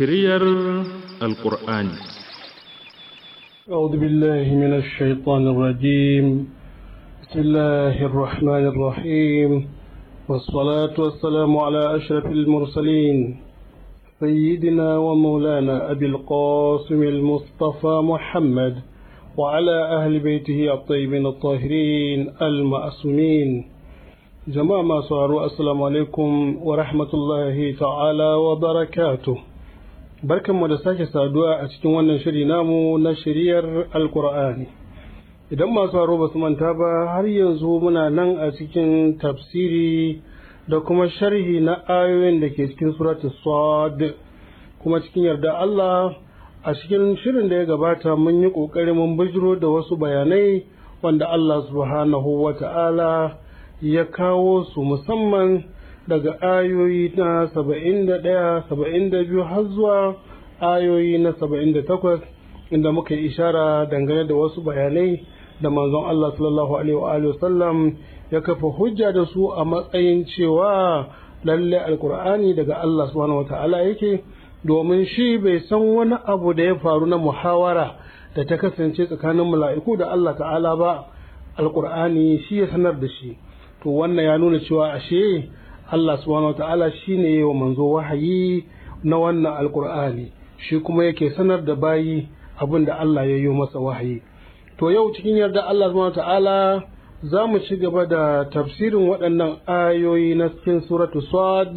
شرير القرآن أعوذ بالله من الشيطان الرجيم بسم الله الرحمن الرحيم والصلاة والسلام على أشرف المرسلين سيدنا ومولانا أبي القاسم المصطفى محمد وعلى أهل بيته الطيبين الطاهرين المأسومين جماعة ما السلام عليكم ورحمة الله تعالى وبركاته mu da sake saduwa a cikin wannan shiri namu na shiriyar alkur'ani idan masu haro ba su manta ba har yanzu muna nan a cikin tafsiri da kuma sharhi na ayoyin da ke cikin surat sad kuma cikin yarda Allah a cikin shirin da ya gabata mun yi ƙoƙari mun bijiro da wasu bayanai wanda Allah subhanahu wa ta'ala ya kawo su musamman daga ayoyi na saba'in da ɗaya saba'in da biyu har zuwa ayoyi na saba'in da takwas inda muka yi ishara dangane da wasu bayanai da manzon Allah sallallahu alaihi wa sallam ya kafa hujja da su a matsayin cewa lalle alkur'ani daga Allah subhanahu wa ta'ala yake domin shi bai san wani abu da ya faru na muhawara da ta kasance tsakanin mala'iku da Allah ta'ala ba alkur'ani shi ya sanar da shi to wannan ya nuna cewa ashe Allah subhanahu ta'ala shine ne wa manzo wahayi na wannan alkur'ani shi kuma yake sanar da bayi abin da Allah ya yi masa wahayi to yau cikin yarda Allah subhanahu ta'ala za mu ci gaba da tafsirin waɗannan ayoyi na cikin suratu sad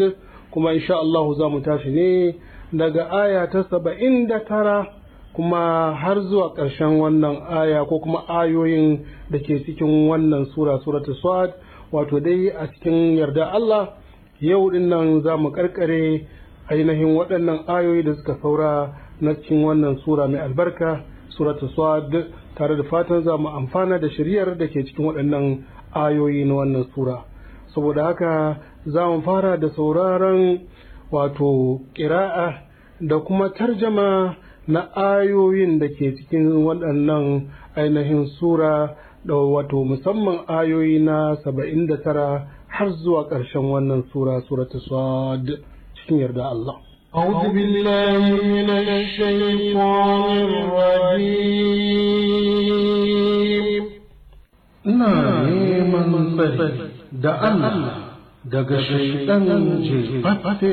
kuma insha Allah za mu tashi ne daga aya ta saba'in da tara kuma har zuwa ƙarshen wannan aya ko kuma ayoyin da ke cikin wannan sura suratu sad wato dai a cikin yarda Allah yau din nan za mu karkare ainihin waɗannan ayoyi da suka saura na cikin wannan sura mai albarka suratul swad tare da fatan za mu amfana da shiryar da ke cikin waɗannan ayoyi na wannan sura saboda haka za mu fara da sauraron wato ƙira'a da kuma tarjama na ayoyin da ke cikin waɗannan ainihin sura da wato musamman ayoyi na saba'in da tara har zuwa ƙarshen wannan sura ta sad cikin yarda Allah أعوذ بالله من الشيطان الرجيم نعم من da Allah daga shaitan jefafe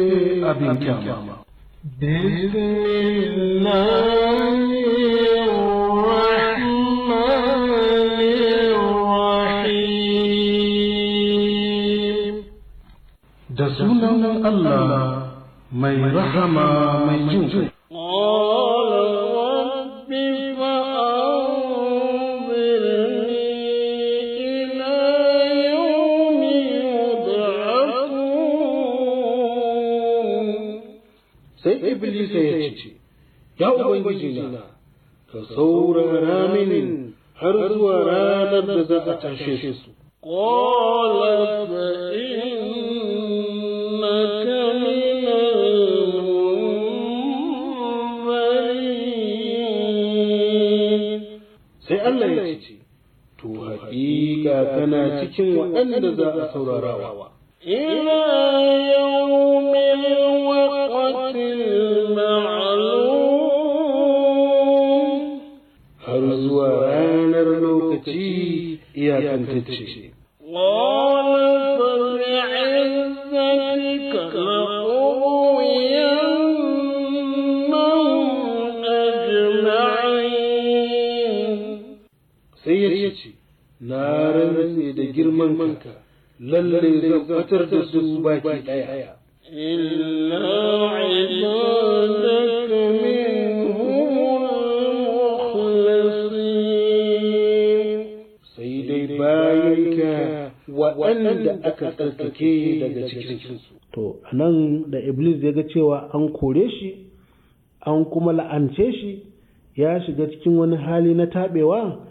abin kyama. Bismillahirrahmanirrahim قال رب فأنظرني إلى يوم يبعثون سيد إبليس يا أبو جنا تصور رامن حرز قال فإن hakika kana cikin waɗanda za a saurarawa. Ila yawmin waqtil ma'lum har zuwa ranar lokaci iyakantacce. lalle zan fitar da su baki daya illa ibadaka minhum al-mukhlasin sai dai bayanka waɗanda aka tsarkake daga cikinsu to nan da iblis ya ga cewa an kore shi an kuma la'ance shi ya shiga cikin wani hali na taɓewa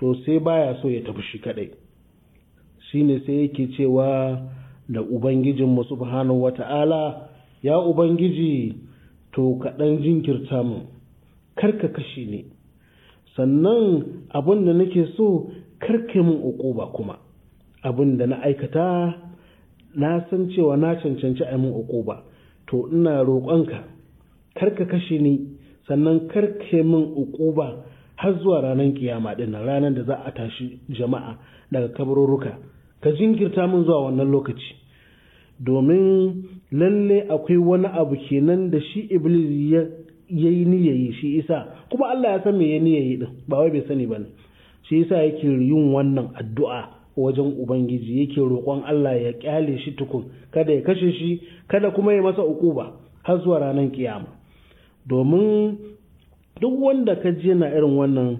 to sai baya so ya tafi shi kaɗai shine sai yake cewa da ubangijinmu subhanahu wata'ala ya ubangiji to kaɗan jinkirta mu karka kashi ne," sannan abin da nake so karka min uquba kuma abin da na aikata na san cewa na cancanci a min uquba to ina roƙonka karka kashi ne," sannan karka min uquba har zuwa ranar kiyama ɗin ranar da za a tashi jama'a daga kabarurruka. ka jinkirta min zuwa wannan lokaci domin lalle akwai wani abu kenan da shi iblis ya yi niyayi shi isa kuma Allah ya san me ya niyayi din ba wai bai sani bane shi isa yake yin wannan addu'a wajen ubangiji yake roƙon Allah ya kyale shi tukun kada ya kashe shi kada kuma ya masa ukuba har zuwa ranar kiyama domin duk wanda ka je na irin wannan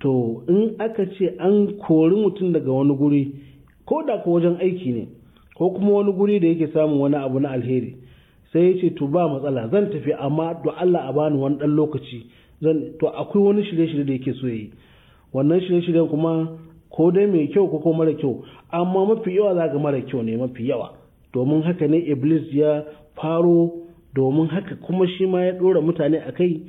to in aka ce an kori mutum daga wani guri ko da ko wajen aiki ne ko kuma wani guri da yake samun wani abu na alheri sai ya ce to ba matsala zan tafi amma to Allah a bani wani dan lokaci zan to akwai wani shirye-shirye da yake so yi wannan shirye-shiryen kuma ko dai mai kyau ko ko mara kyau amma mafi yawa za ga mara kyau ne mafi yawa domin haka ne iblis ya faro domin haka kuma shi ma ya dora mutane a kai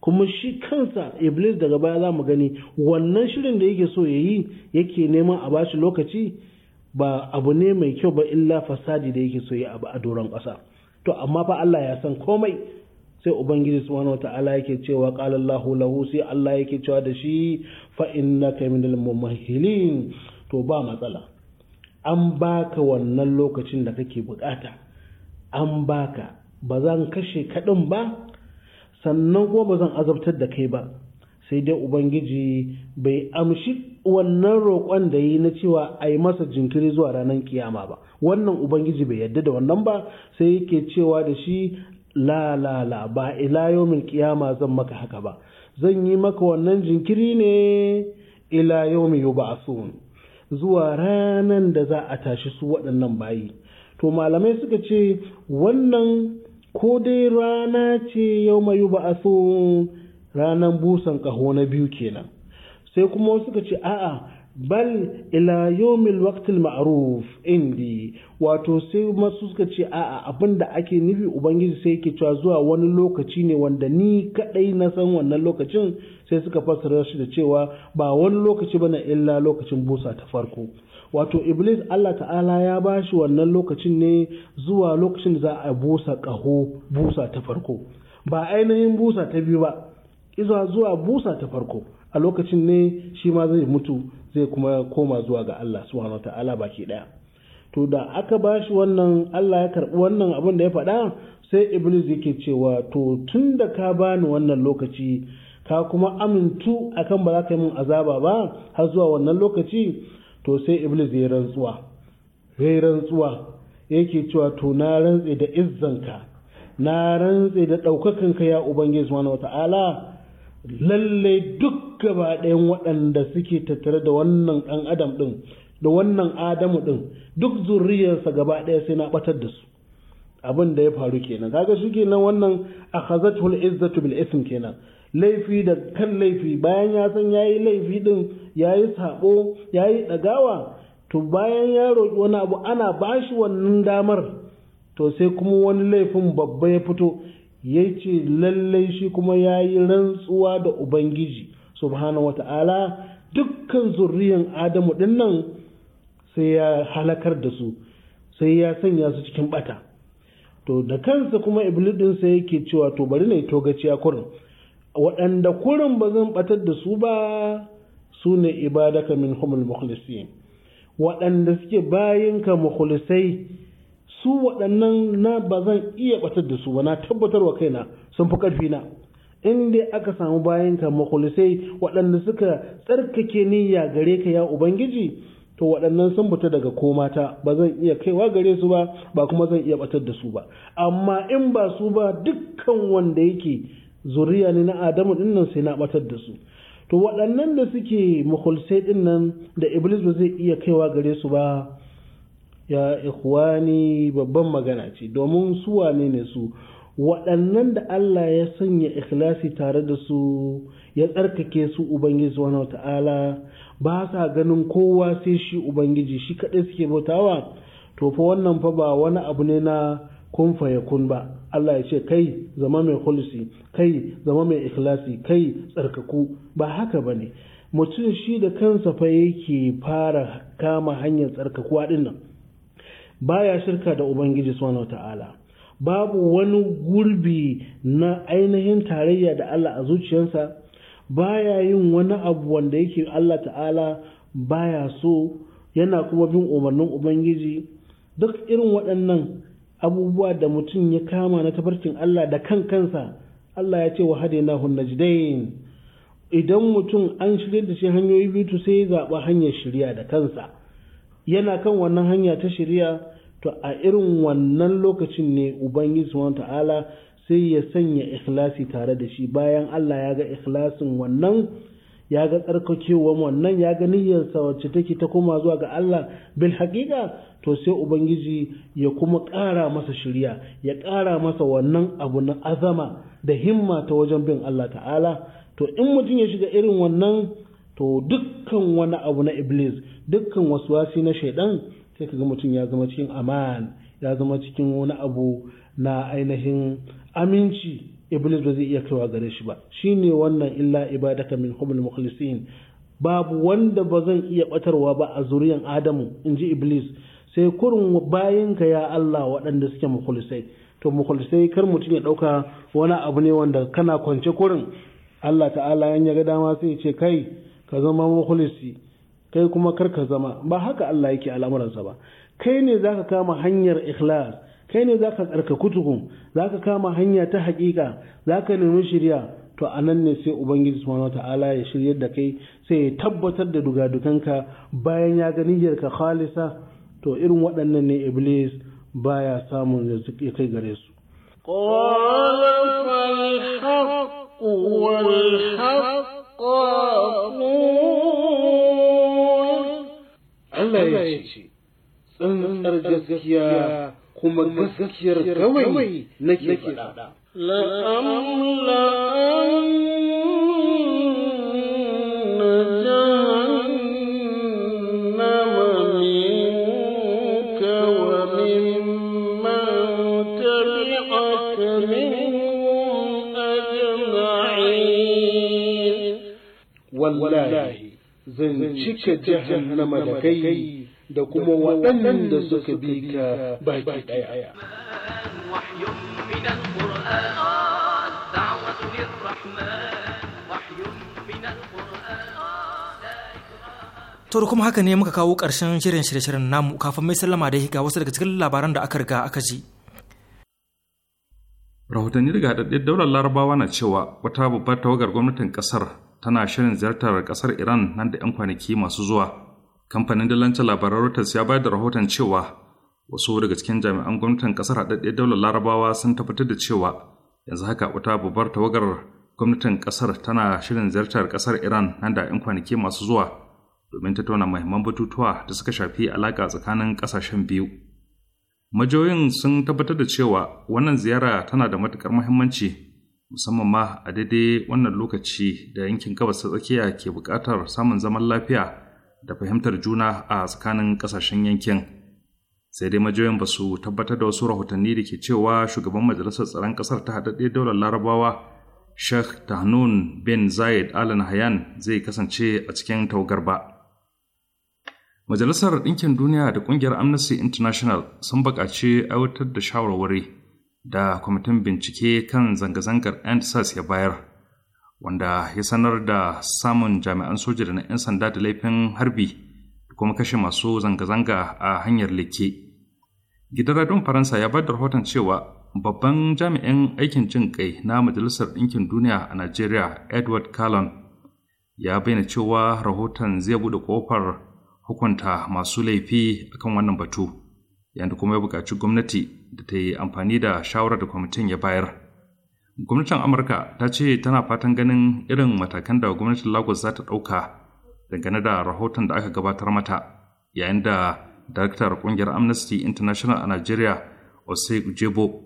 kuma shi kansa iblis daga baya za mu gani wannan shirin da yake so ya yi yake neman a bashi lokaci ba abu ne mai kyau ba illa fasadi da yake so yi abu a doron ƙasa to amma fa Allah ya san komai sai ubangiji subhanahu wata'ala yake cewa qala Allahu lahu sai Allah yake cewa da shi fa innaka minal mumahilin to ba matsala an baka wannan lokacin da kake bukata an baka ba zan kashe kaɗin ba sannan kuma ba zan azabtar da kai ba sai dai ubangiji bai amshi wannan roƙon da yi na cewa a yi masa jinkiri zuwa ranar kiyama ba wannan ubangiji bai yarda da wannan ba sai yake cewa da shi la la la ba ila yomin kiyama zan maka haka ba zan yi maka wannan jinkiri ne ila yomi yub'asun zuwa ranan da za a tashi su waɗannan bayi to malamai suka ce wannan ko dai rana ce yau mai ranar busan ƙaho na biyu kenan sai kuma suka ce a'a bal ila mil waqtil ma'ruf indi wato sai masu suka ce a'a abinda ake nufi ubangiji sai ke cewa zuwa wani lokaci ne wanda ni kadai na san wannan lokacin sai suka fassara shi da cewa ba wani lokaci bane illa lokacin busa ta farko wato iblis Allah ta'ala ya bashi wannan lokacin ne zuwa lokacin da za a busa kaho busa ta farko ba ainihin busa ta biyu ba izuwa zuwa busa ta farko a lokacin ne shi ma zai mutu zai kuma koma zuwa ga Allah subhanahu ta'ala baki daya to da aka bashi wannan Allah ya karbi wannan abin da ya faɗa sai iblis yake cewa to tun da ka bani wannan lokaci ka kuma amintu akan ba za ka yi min azaba ba har zuwa wannan lokaci to sai iblis ya rantsuwa ya rantsuwa yake cewa to na rantse da izzanka na rantse da ɗaukakanka ya ubangiji subhanahu ta'ala Lallai duk gaba ɗayan waɗanda suke tattare da wannan ɗan adam ɗin da wannan adamu ɗin duk zurriyarsa gaba ɗaya sai na ɓatar da su abin da ya faru kenan kaga shi kenan wannan a akhazatul izzatu bil ism kenan laifi da kan laifi bayan ya san yayi laifi din yayi sabo yayi dagawa to bayan ya roki wani abu ana bashi wannan damar to sai kuma wani laifin babba ya fito ya ce lallai shi kuma ya yi rantsuwa da ubangiji subhanahu ta'ala dukkan zurriyan adamu dinnan sai ya halakar da su sai ya sanya su cikin bata to da kansa kuma iblis din sai yake cewa to bari na a kurin waɗanda kurin ba zan ɓatar da su ba su ne ibadaka min humul mukhlisin waɗanda suke bayinka mukhlisai su waɗannan na ba zan iya ɓatar da su ba na tabbatar wa kaina sun fi ƙarfi na in dai aka samu bayan ka makulisai waɗanda suka tsarkake niyya gare ka ya ubangiji to waɗannan sun fita daga komata ba zan iya kaiwa gare su ba ba kuma zan iya ɓatar da su ba amma in ba su ba dukkan wanda yake zuriya ne na adamu dinnan sai na ɓatar da su to waɗannan da suke makulisai dinnan da iblis ba zai iya kaiwa gare su ba ya ikhwani babban magana ce domin su wane ne su waɗannan da Allah ya sanya ikhlasi tare da su ya tsarkake su ubangiji subhanahu ta'ala ba sa ganin kowa sai shi ubangiji shi kaɗai suke bautawa to fa wannan fa ba wani abu ne na kun kun ba Allah ya ce kai zama mai khulusi kai zama mai ikhlasi kai tsarkaku ba haka bane mutum shi da kansa fa yake fara kama hanyar tsarkakuwa nan. baya shirka da ubangiji subhanahu ta'ala babu wani gurbi na ainihin tarayya da Allah a zuciyarsa baya yin wani abu wanda yake Allah ta'ala baya so yana kuma bin umarnin ubangiji duk irin waɗannan abubuwa da mutum ya kama na tabarcin Allah da kan kansa Allah ya ce wa hunna najdain idan mutum an shirya da shi hanyoyi biyu sai ya zaɓa hanyar shirya da kansa yana kan wannan hanya ta shirya to a irin wannan lokacin ne ubangiji subhanahu ta'ala sai ya sanya ikhlasi tare da shi bayan Allah ya ga ikhlasin wannan ya ga tsarkakewan wannan ya ga niyyarsa wacce take ta koma zuwa ga Allah bil haƙiƙa to sai ubangiji ya kuma ƙara masa shirya ya ƙara masa wannan abu na azama da himma ta wajen bin Allah ta'ala to in mutum ya shiga irin wannan to dukkan wani abu na iblis dukkan wasu wasi na shaidan sai ka ga mutum ya zama cikin aman ya zama cikin wani abu na ainihin aminci iblis ba zai iya kaiwa gare shi ba shine wannan illa ibadaka min humul mukhlisin babu wanda ba zan iya batarwa ba a zuriyan adamu in ji iblis sai kurin bayinka ya allah waɗanda suke mukhlisai to mukhlisai kar mutum ya ɗauka wani abu ne wanda kana kwance kurin allah ta'ala yan ya ga dama sai ce kai ka zama mukhlisi kai kuma kar ka zama ba haka Allah yake al'amuransa ba kai ne zaka kama hanyar ikhlas kai ne zaka tsarka kutuku zaka kama hanya ta hakika zaka nemi shirya to anan ne sai ubangiji subhanahu ta'ala ya shiryar da kai sai ya tabbatar da dugadukanka bayan ya ga ka khalisa to irin waɗannan ne iblis baya samun ya kai gare su قال فالحق والحق قافون الله يا شيخ tsantsar gaskiya kuma gaskiyar kawai nake faɗa. La'amla'an wallahi zan cika jahannama da kai da kuma waɗanda suka bi ka baki ɗaya. To kuma haka ne muka kawo ƙarshen shirin shirye-shiryen namu kafin mai sallama da ga wasu daga cikin labaran da aka riga aka ji. Rahotanni daga haɗaɗɗen daular larabawa na cewa wata babbar tawagar gwamnatin ƙasar tana shirin ziyartar kasar Iran nan da 'yan kwanaki masu zuwa. Kamfanin dillancin labaran Reuters ya bayar da rahoton cewa wasu daga cikin jami'an gwamnatin kasar haɗaɗɗiyar daular Larabawa sun tabbatar da cewa yanzu haka wata babbar tawagar gwamnatin kasar tana shirin ziyartar kasar Iran nan da 'yan kwanaki masu zuwa domin tattauna mahimman batutuwa da suka shafi alaƙa tsakanin ƙasashen biyu. Majoyin sun tabbatar da cewa wannan ziyara tana da matuƙar muhimmanci musamman ma a daidai wannan lokaci da yankin gabas ta tsakiya ke buƙatar samun zaman lafiya da fahimtar juna a tsakanin ƙasashen yankin sai dai majiyoyin ba su tabbatar da wasu rahotanni da ke cewa shugaban majalisar tsaron ƙasar ta haɗaɗɗe daular larabawa sheikh tahnun bin zayed al hayan zai kasance a cikin taugar ba majalisar ɗinkin duniya da ƙungiyar amnesty international sun buƙaci aiwatar da shawarwari da kwamitin bincike kan zanga-zangar andsas ya bayar wanda ya sanar da samun jami'an soja da na 'yan sanda da laifin harbi da kuma kashe masu zanga-zanga a hanyar leke gidan radon faransa ya bada rahoton cewa babban jami'in aikin jin kai na majalisar ɗinkin duniya a najeriya edward Callan ya bayyana cewa rahoton zai buɗe ƙofar hukunta masu laifi akan wannan batu. yadda kuma ya buƙaci gwamnati da ta yi amfani da shawarar da kwamitin ya bayar gwamnatin amurka ta ce tana fatan ganin irin matakan da gwamnatin lagos za ta ɗauka dangane da rahoton da aka gabatar mata yayin da daraktar ƙungiyar amnesty international a Najeriya, osei ujebo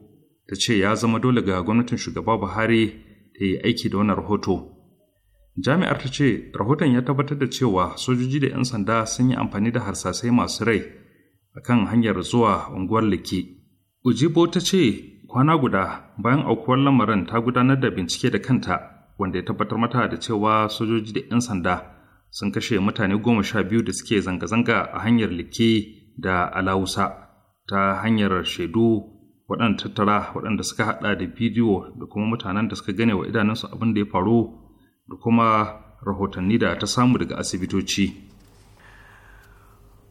ta ce ya zama dole ga gwamnatin shugaba buhari ta yi aiki da wannan rahoto jami'ar ta ce rahoton ya tabbatar da cewa sojoji da 'yan sanda sun yi amfani da harsasai masu rai a kan hanyar zuwa unguwar Liki. Ujibo ta ce kwana guda bayan aukuwar lamarin ta gudanar da bincike da kanta wanda ya tabbatar mata da cewa sojoji da 'yan sanda sun kashe mutane goma sha biyu da suke zanga-zanga a hanyar Liki da Alawusa ta hanyar shaidu waɗanda tattara waɗanda suka haɗa da bidiyo da kuma mutanen da suka gane wa idanunsu abin da ya faru da kuma rahotanni da ta samu daga asibitoci.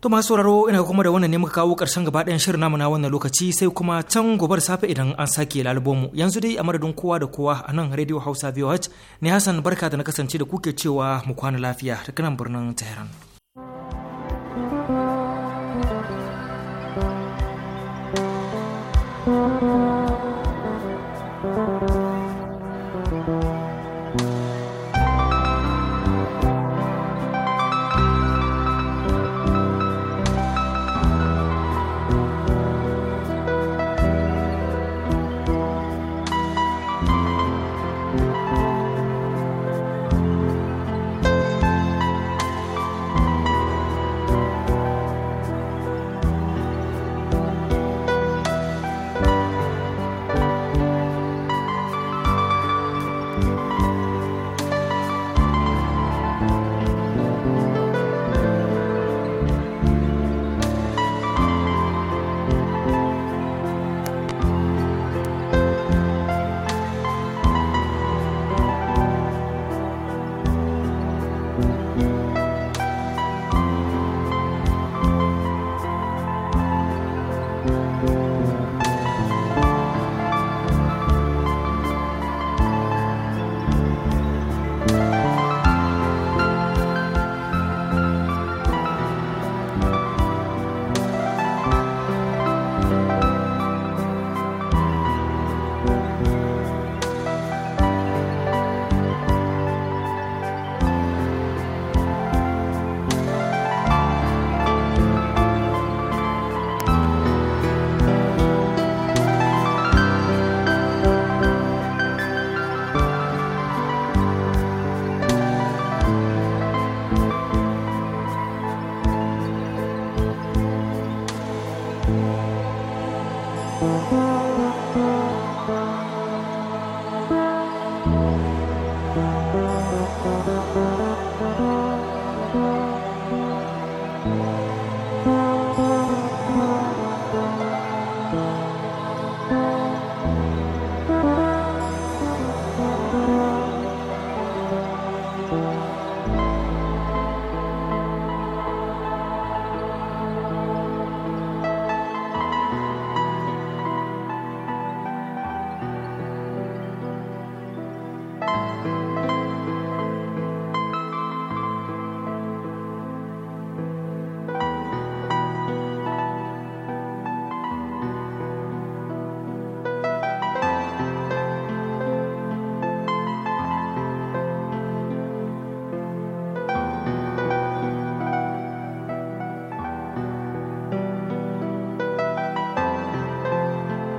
To masu sauraro ina kuma da wannan ne muka kawo ƙarshen gaba ɗayan shirin namu na wannan lokaci sai kuma can gobar safe idan an sake lalubo mu. Yanzu dai a madadin kowa da kowa a nan Radio Hausa VOH ne Hassan barka da na kasance da kuke cewa mu kwana lafiya daga nan birnin Tehran.